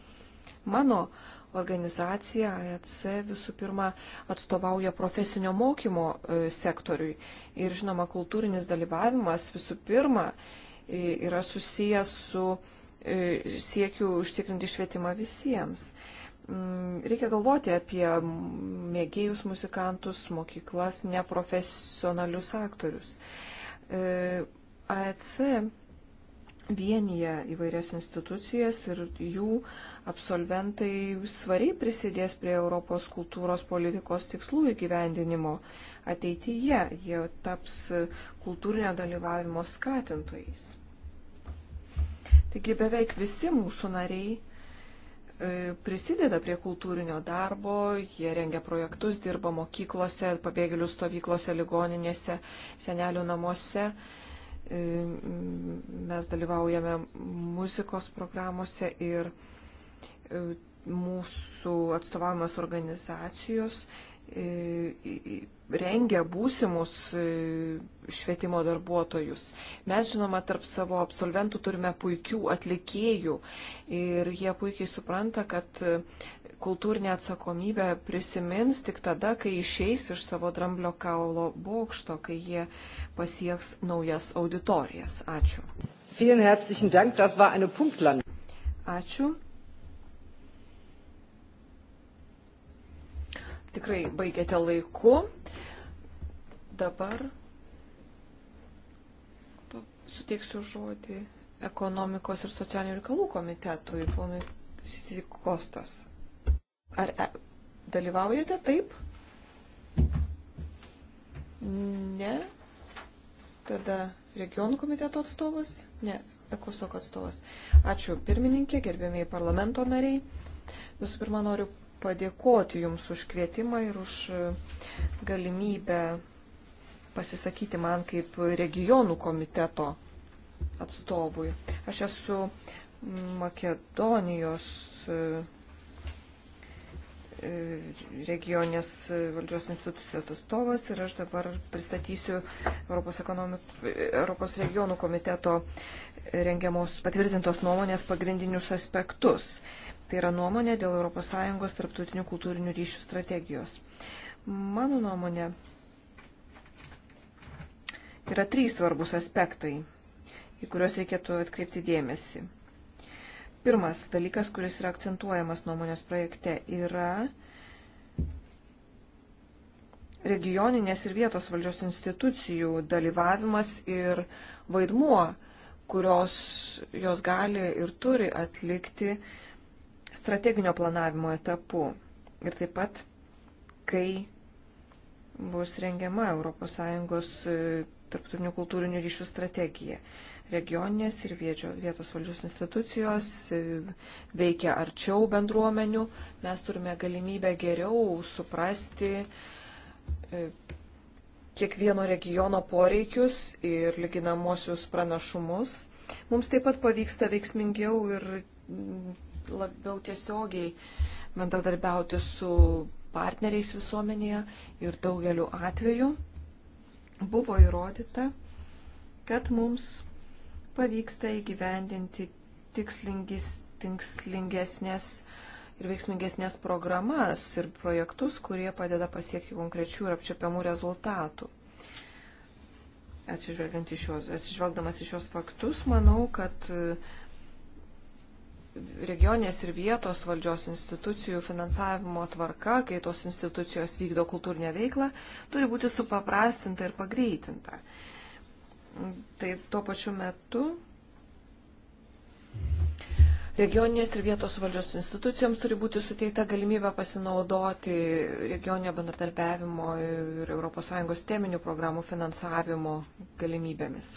Mano uh, organizacija AEC visų pirma atstovauja profesinio mokymo e, sektoriui. Ir žinoma, kultūrinis dalyvavimas visų pirma e, yra susijęs su e, siekiu užtikrinti švietimą visiems. Mm, reikia galvoti apie mėgėjus muzikantus, mokyklas, neprofesionalius aktorius. AEC vienyje įvairias institucijas ir jų uh, absolventai svariai prisidės prie Europos kultūros politikos tikslų įgyvendinimo. Ateityje jie taps kultūrinio dalyvavimo skatintojais. Taigi beveik visi mūsų nariai e, prisideda prie kultūrinio darbo, jie rengia projektus, dirba mokyklose, pabėgėlių stovyklose, ligoninėse, senelių namuose. E, mes dalyvaujame muzikos programuose ir E, mūsų atstovavimas organizacijos e, rengia būsimus e, švietimo darbuotojus. Mes, žinoma, tarp savo absolventų turime puikių atlikėjų ir jie puikiai supranta, kad kultūrinė atsakomybė prisimins tik tada, kai išeis iš savo dramblio kaulo bokšto, kai jie pasieks naujas auditorijas. Ačiū. Ačiū. tikrai baigėte laiku. Dabar suteiksiu žodį ekonomikos ir socialinių reikalų komitetui, ponui Sisikostas. Ar e, dalyvaujate taip? Ne. Tada regionų komiteto atstovas? Ne, ekosok atstovas. Ačiū pirmininkė, gerbėmiai parlamento nariai. Visų pirma, noriu padėkoti Jums už kvietimą ir už e, galimybę pasisakyti man kaip regionų komiteto atstovui. Aš esu Makedonijos e, e, regionės valdžios institucijos atstovas ir aš dabar pristatysiu Europos, ekonomik... Europos regionų komiteto rengiamos patvirtintos nuomonės pagrindinius aspektus. Tai yra nuomonė dėl ES tarptautinių kultūrinių ryšių strategijos. Mano nuomonė yra trys svarbus aspektai, į kuriuos reikėtų atkreipti dėmesį. Pirmas dalykas, kuris yra akcentuojamas nuomonės projekte, yra regioninės ir vietos valdžios institucijų dalyvavimas ir vaidmuo, kurios jos gali ir turi atlikti uh, strateginio planavimo etapu ir taip pat, kai bus rengiama ES e, tarptautinių kultūrinių ryšių strategija. Regioninės ir viečio, vietos valdžios institucijos e, veikia arčiau bendruomenių, mes turime galimybę geriau suprasti e, kiekvieno regiono poreikius ir lyginamosius pranašumus. Mums taip pat pavyksta veiksmingiau ir labiau tiesiogiai bendradarbiauti su partneriais visuomenėje ir daugeliu atveju buvo įrodyta, kad mums pavyksta įgyvendinti tikslingesnės ir veiksmingesnės programas ir projektus, kurie padeda pasiekti konkrečių ir apčiopiamų rezultatų. Atsižvelgiant į šios, atsižvelgdamas į šios faktus, manau, kad uh, regionės ir vietos valdžios institucijų finansavimo tvarka, kai tos institucijos vykdo kultūrinę veiklą, turi būti supaprastinta ir pagreitinta. Taip, tuo pačiu metu regioninės ir vietos valdžios institucijoms turi būti suteikta galimybė pasinaudoti regioninio bendradarbiavimo ir ES teminių programų finansavimo galimybėmis.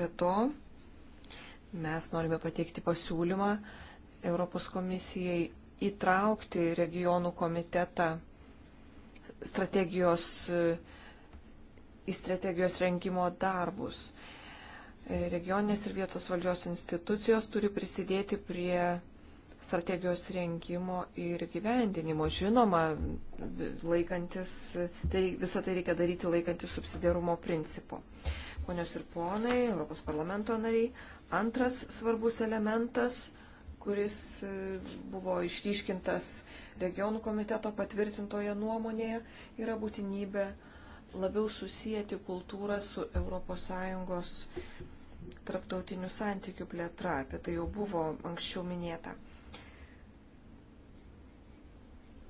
Be to, Mes norime pateikti pasiūlymą Europos komisijai įtraukti regionų komitetą strategijos, į strategijos rengimo darbus. Regioninės ir vietos valdžios institucijos turi prisidėti prie strategijos rengimo ir gyvendinimo. Žinoma, laikantis, tai visą tai reikia daryti laikantis subsidiarumo principo. Ponios ir ponai, Europos parlamento nariai, Antras svarbus elementas, kuris e, buvo išryškintas regionų komiteto patvirtintoje nuomonėje, yra būtinybė labiau susijęti kultūrą su ES traptautinių santykių plėtra. Apie tai jau buvo anksčiau minėta.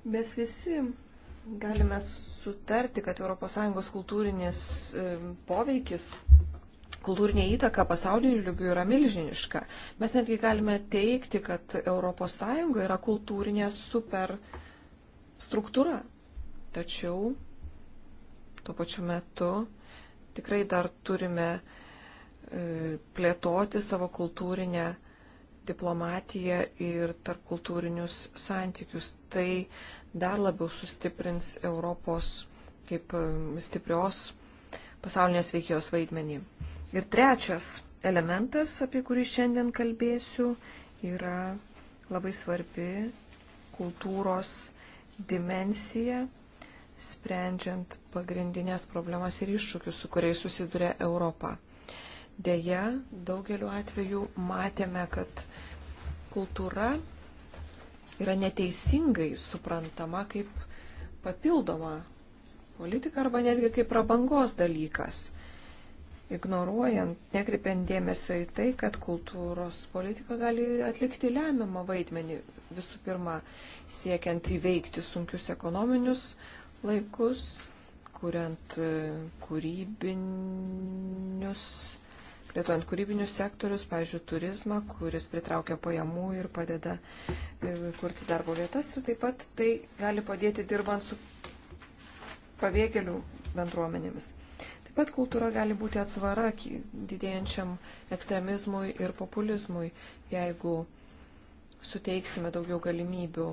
Mes visi galime sutarti, kad ES kultūrinis e, poveikis kultūrinė įtaka pasauliniu lygiu yra milžiniška. Mes netgi galime teikti, kad ES yra kultūrinė superstruktūra. Tačiau tuo pačiu metu tikrai dar turime e, plėtoti savo kultūrinę diplomatiją ir tarpkultūrinius santykius. Tai dar labiau sustiprins Europos kaip e, stiprios pasaulinės veikėjos vaidmenį. Ir trečias elementas, apie kurį šiandien kalbėsiu, yra labai svarbi kultūros dimensija, sprendžiant pagrindinės problemas ir iššūkius, su kuriais susiduria Europa. Deja, daugeliu atveju matėme, kad kultūra yra neteisingai suprantama kaip papildoma politika arba netgi kaip prabangos dalykas ignoruojant, nekreipiant dėmesio į tai, kad kultūros politika gali atlikti lemiamą vaidmenį visų pirma siekiant įveikti sunkius ekonominius laikus, kuriant e, kūrybinius, plėtojant kūrybinius sektorius, pavyzdžiui, turizmą, kuris pritraukia pajamų ir padeda e, kurti darbo vietas ir taip pat tai gali padėti dirbant su pabėgėlių bendruomenėmis. Taip pat kultūra gali būti atsvara didėjančiam ekstremizmui ir populizmui, jeigu suteiksime daugiau galimybių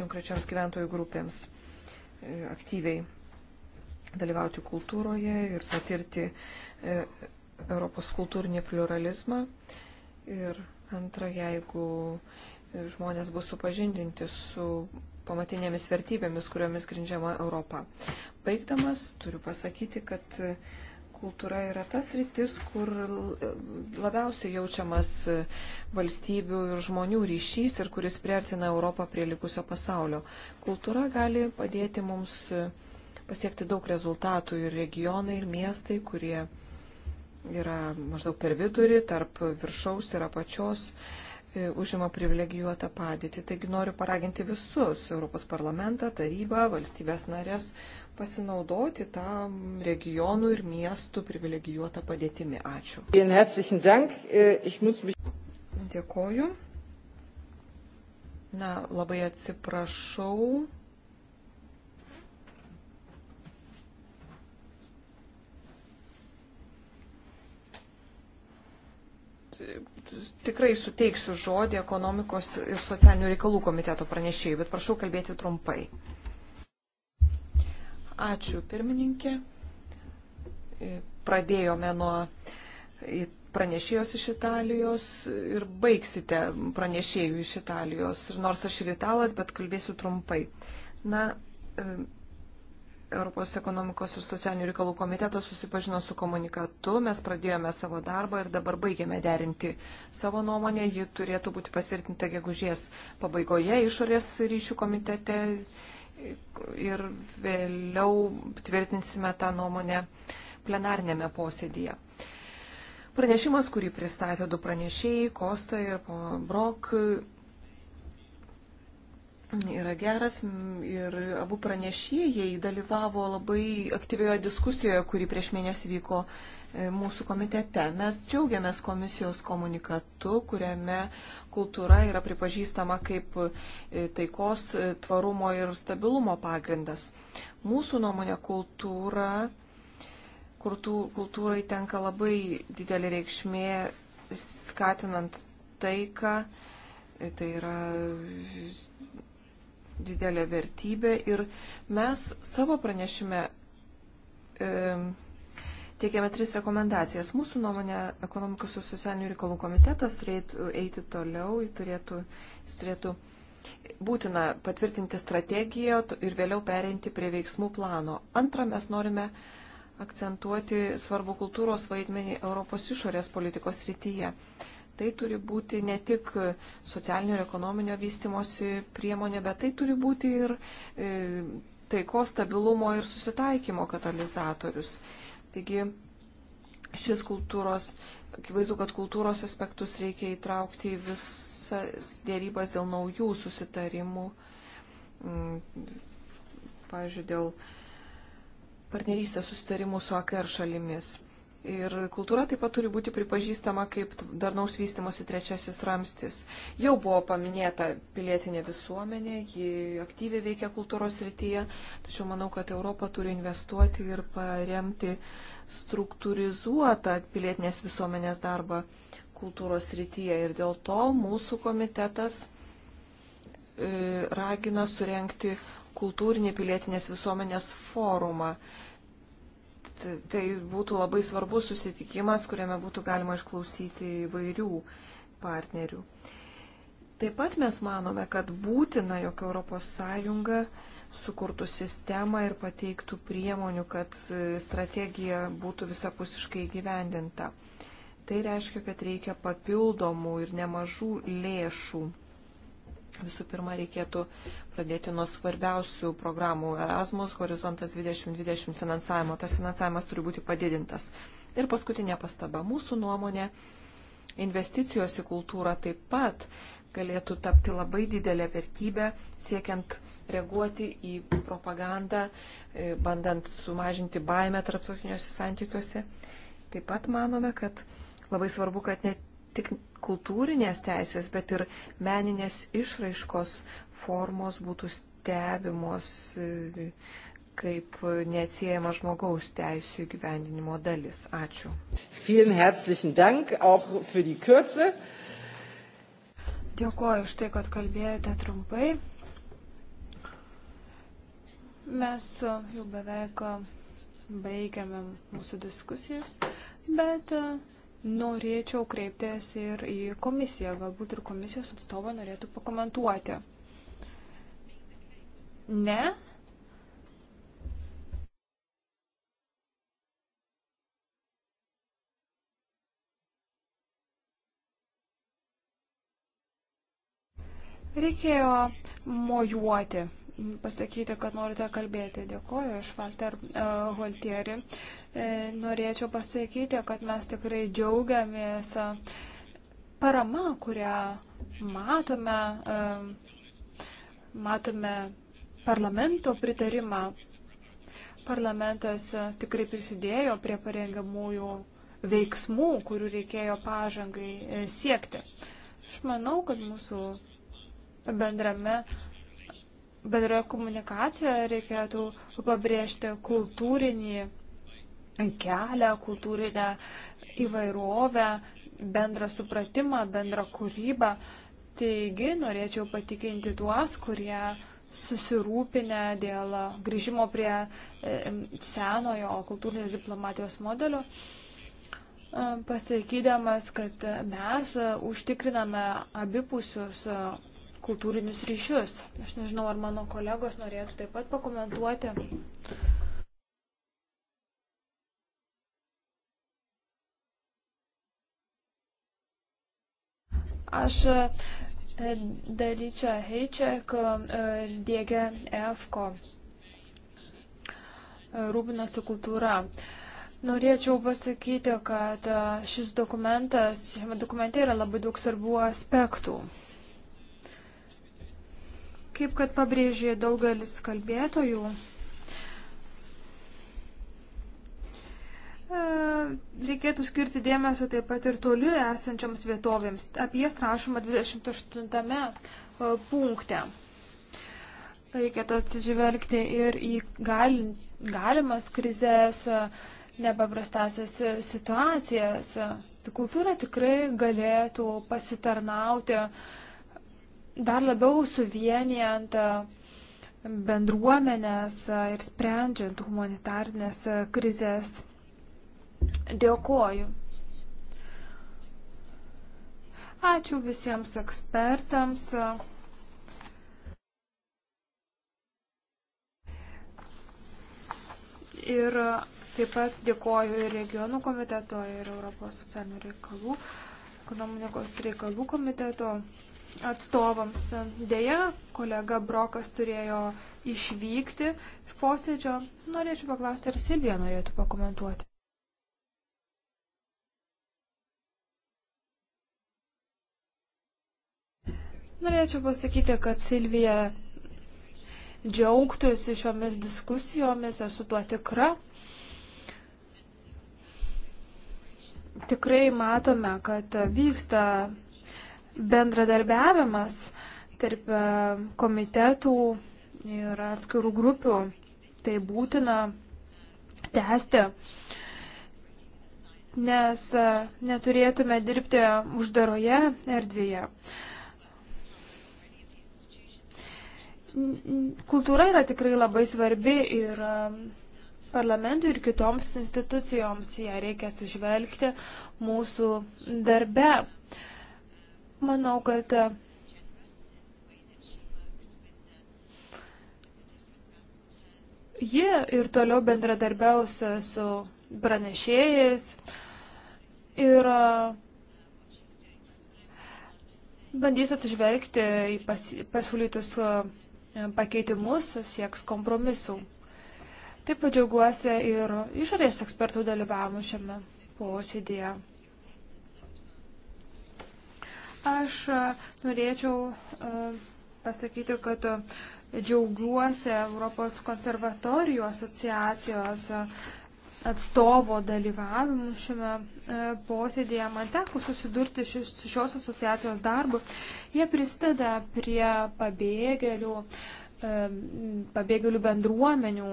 konkrečioms gyventojų grupėms e, aktyviai dalyvauti kultūroje ir patirti e, Europos kultūrinį pluralizmą. Ir antra, jeigu e, žmonės bus supažindinti su pamatinėmis vertybėmis, kuriomis grindžiama Europa. Baigdamas, turiu pasakyti, kad kultūra yra tas rytis, kur labiausiai jaučiamas valstybių ir žmonių ryšys ir kuris priartina Europą prie likusio pasaulio. Kultūra gali padėti mums pasiekti daug rezultatų ir regionai, ir miestai, kurie yra maždaug per vidurį, tarp viršaus ir apačios. Uh, E, užima privilegijuotą padėtį. Taigi noriu paraginti visus Europos parlamentą, tarybą, valstybės narės pasinaudoti tą regionų ir miestų privilegijuotą padėtimi. Ačiū. Äh, Dėkoju. Na, labai atsiprašau, tikrai suteiksiu žodį ekonomikos ir socialinių reikalų komiteto pranešėjai, bet prašau kalbėti trumpai. Ačiū, pirmininkė. Pradėjome nuo pranešėjos iš Italijos ir baigsite pranešėjų iš Italijos. Ir nors aš ir italas, bet kalbėsiu trumpai. Na, Europos ekonomikos ir socialinių reikalų komitetas susipažino su komunikatu, mes pradėjome savo darbą ir dabar baigėme derinti savo nuomonę. Ji turėtų būti patvirtinta gegužės pabaigoje išorės ryšių komitete ir vėliau tvirtinsime tą nuomonę plenarnėme posėdėje. Pranešimas, kurį pristatė du pranešėjai, Kosta ir Brok, yra geras ir abu pranešėjai dalyvavo labai aktyvioje diskusijoje, kuri prieš mėnesį vyko e, mūsų komitete. Mes džiaugiamės komisijos komunikatu, kuriame kultūra yra pripažįstama kaip e, taikos, e, tvarumo ir stabilumo pagrindas. Mūsų nuomonė kultūra, kultūrai tenka labai didelį reikšmė skatinant taiką, tai yra didelė vertybė ir mes savo pranešime e, teikiame tris rekomendacijas. Mūsų nuomonė, ekonomikos ir socialinių reikalų komitetas turėtų eiti toliau, jis turėtų, jis turėtų būtina patvirtinti strategiją ir vėliau perinti prie veiksmų plano. Antra, mes norime akcentuoti svarbu kultūros vaidmenį Europos išorės politikos rytyje. Tai turi būti ne tik socialinio ir ekonominio vystimosi priemonė, bet tai turi būti ir e, taiko stabilumo ir susitaikymo katalizatorius. Taigi šis kultūros, akivaizdu, kad kultūros aspektus reikia įtraukti į visas dėrybas dėl naujų susitarimų, mm, pavyzdžiui, dėl partnerystės susitarimų su AKR šalimis. Ir kultūra taip pat turi būti pripažįstama kaip darnaus vystimosi trečiasis ramstis. Jau buvo paminėta pilietinė visuomenė, ji aktyviai veikia kultūros rytyje, tačiau manau, kad Europa turi investuoti ir paremti struktūrizuotą pilietinės visuomenės darbą kultūros rytyje. Ir dėl to mūsų komitetas e, ragina surenkti kultūrinį pilietinės visuomenės forumą kad tai būtų labai svarbus susitikimas, kuriame būtų galima išklausyti įvairių partnerių. Taip pat mes manome, kad būtina, jog ES sukurtų sistemą ir pateiktų priemonių, kad strategija būtų visapusiškai gyvendinta. Tai reiškia, kad reikia papildomų ir nemažų lėšų Visų pirma, reikėtų pradėti nuo svarbiausių programų Erasmus, Horizontas 2020 finansavimo. Tas finansavimas turi būti padidintas. Ir paskutinė pastaba. Mūsų nuomonė, investicijos į kultūrą taip pat galėtų tapti labai didelę vertybę, siekiant reaguoti į propagandą, e, bandant sumažinti baimę tarptautiniuose santykiuose. Taip pat manome, kad labai svarbu, kad net tik kultūrinės teisės, bet ir meninės išraiškos formos būtų stebimos kaip neatsiejama žmogaus teisų įgyvendinimo dalis. Ačiū. Dėkuoju už tai, kad kalbėjote trumpai. Mes jau beveik baigiame mūsų diskusijas, bet Norėčiau kreiptis ir į komisiją, galbūt ir komisijos atstovai norėtų pakomentuoti. Ne? Reikėjo mojuoti pasakyti, kad norite kalbėti. Dėkuoju iš Walter e, uh, Holtieri. E, norėčiau pasakyti, kad mes tikrai džiaugiamės e, parama, kurią matome, uh, matome parlamento pritarimą. Parlamentas tikrai prisidėjo prie parengiamųjų veiksmų, kurių reikėjo pažangai siekti. Aš manau, kad mūsų bendrame bendroje komunikacijoje reikėtų pabrėžti kultūrinį kelią, kultūrinę įvairovę, bendrą supratimą, bendrą kūrybą. Taigi norėčiau patikinti tuos, kurie susirūpinę dėl grįžimo prie e, senojo kultūrinės diplomatijos modelio, e, pasakydamas, kad mes užtikriname abipusius kultūrinius ryšius. Aš nežinau, ar mano kolegos norėtų taip pat pakomentuoti. Aš e, dalyčia Heiček e, dėgia EFKO. E, rūpinosi kultūra. Norėčiau pasakyti, kad šis dokumentas, šiame dokumente yra labai daug svarbių aspektų. Kaip kad pabrėžė daugelis kalbėtojų, e, reikėtų skirti dėmesio taip pat ir toli esančiams vietovėms. Apie jas rašoma 28 e, punkte. Reikėtų atsižvelgti ir į galimas krizės, e, nepaprastasias situacijas. Kultūra tikrai galėtų pasitarnauti uh, dar labiau suvienijant e, bendruomenės e, ir sprendžiant humanitarnės e, krizės. Dėkoju. Ačiū visiems ekspertams. Ir taip pat dėkoju ir regionų komiteto, ir Europos socialinių reikalų, ekonomikos reikalų komiteto atstovams. Deja, kolega Brokas turėjo išvykti iš posėdžio. Norėčiau paklausti, ar Silvija norėtų pakomentuoti. Norėčiau pasakyti, kad Silvija džiaugtųsi šiomis diskusijomis, esu tuo tikra. Tikrai matome, kad vyksta bendradarbiavimas tarp e, komitetų ir atskirų grupių. Tai būtina tęsti, nes e, neturėtume dirbti uždaroje erdvėje. Kultūra yra tikrai labai svarbi ir e, parlamentui ir kitoms institucijoms ją reikia atsižvelgti mūsų darbe. Uh, Manau, kad ji ir toliau bendradarbiaus su pranešėjais ir bandys atsižvelgti į pasiūlytus pakeitimus, sieks kompromisų. Taip pat džiaugiuosi ir išorės ekspertų dalyvavimu šiame posėdėje. Aš e, norėčiau e, pasakyti, kad e, džiaugiuosi Europos konservatorijų asociacijos atstovo dalyvavimu šiame posėdėje. Man teko susidurti šis, su šios asociacijos darbu. Jie prisideda prie pabėgėlių, pabėgėlių bendruomenių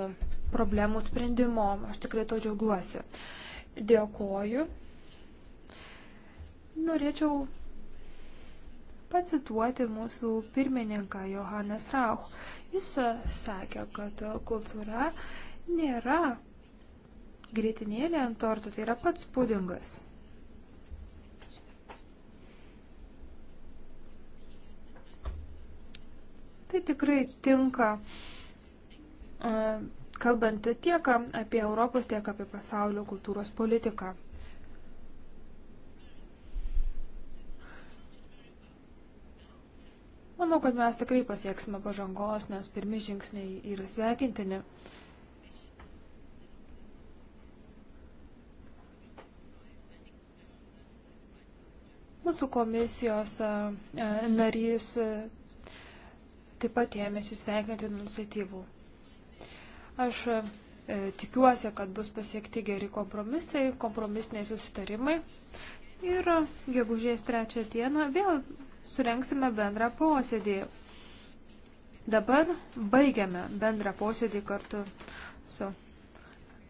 problemų sprendimo. Aš tikrai to džiaugiuosi. Dėkoju. Norėčiau pacituoti mūsų pirmininką Johannes Rauch. Jis e, sakė, kad kultūra nėra grėtinėlė ant torto, tai yra pats pudingas. Tai tikrai tinka, e, kalbant tiek apie Europos, tiek apie pasaulio kultūros politiką. Manau, kad mes tikrai pasieksime pažangos, nes pirmi žingsniai yra sveikintini. Mūsų komisijos e, e, narys e, taip pat ėmėsi sveikinti iniciatyvų. Aš e, tikiuosi, kad bus pasiekti geri kompromisai, kompromisiniai susitarimai. Ir gegužės trečią dieną vėl surenksime bendrą posėdį. Dabar baigiame bendrą posėdį kartu su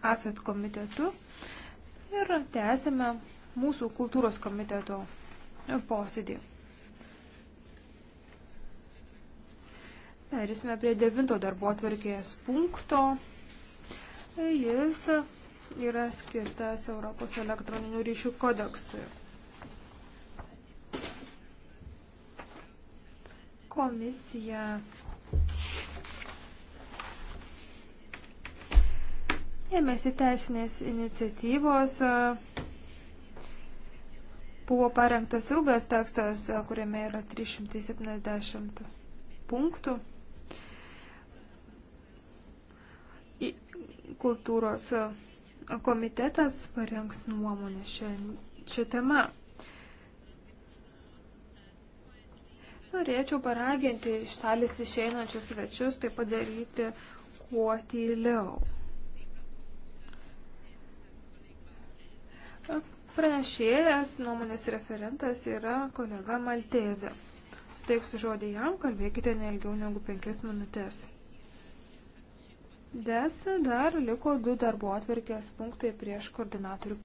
AFET komitetu ir tęsime mūsų kultūros komiteto posėdį. Perėsime prie devinto darbo atvarkės punkto. Jis yra skirtas Europos elektroninių ryšių kodeksui. Komisija ėmėsi teisinės iniciatyvos. Buvo parengtas ilgas tekstas, kuriame yra 370 punktų. Kultūros komitetas parengs nuomonę šią temą. Norėčiau paraginti iš salės išeinančius svečius tai padaryti kuo tyliau. Pranešėjas, nuomonės referentas yra kolega Maltezė. Suteiksiu žodį jam, kalbėkite neilgiau negu penkias minutės. Des dar liko du darbo atverkės punktai prieš koordinatorių.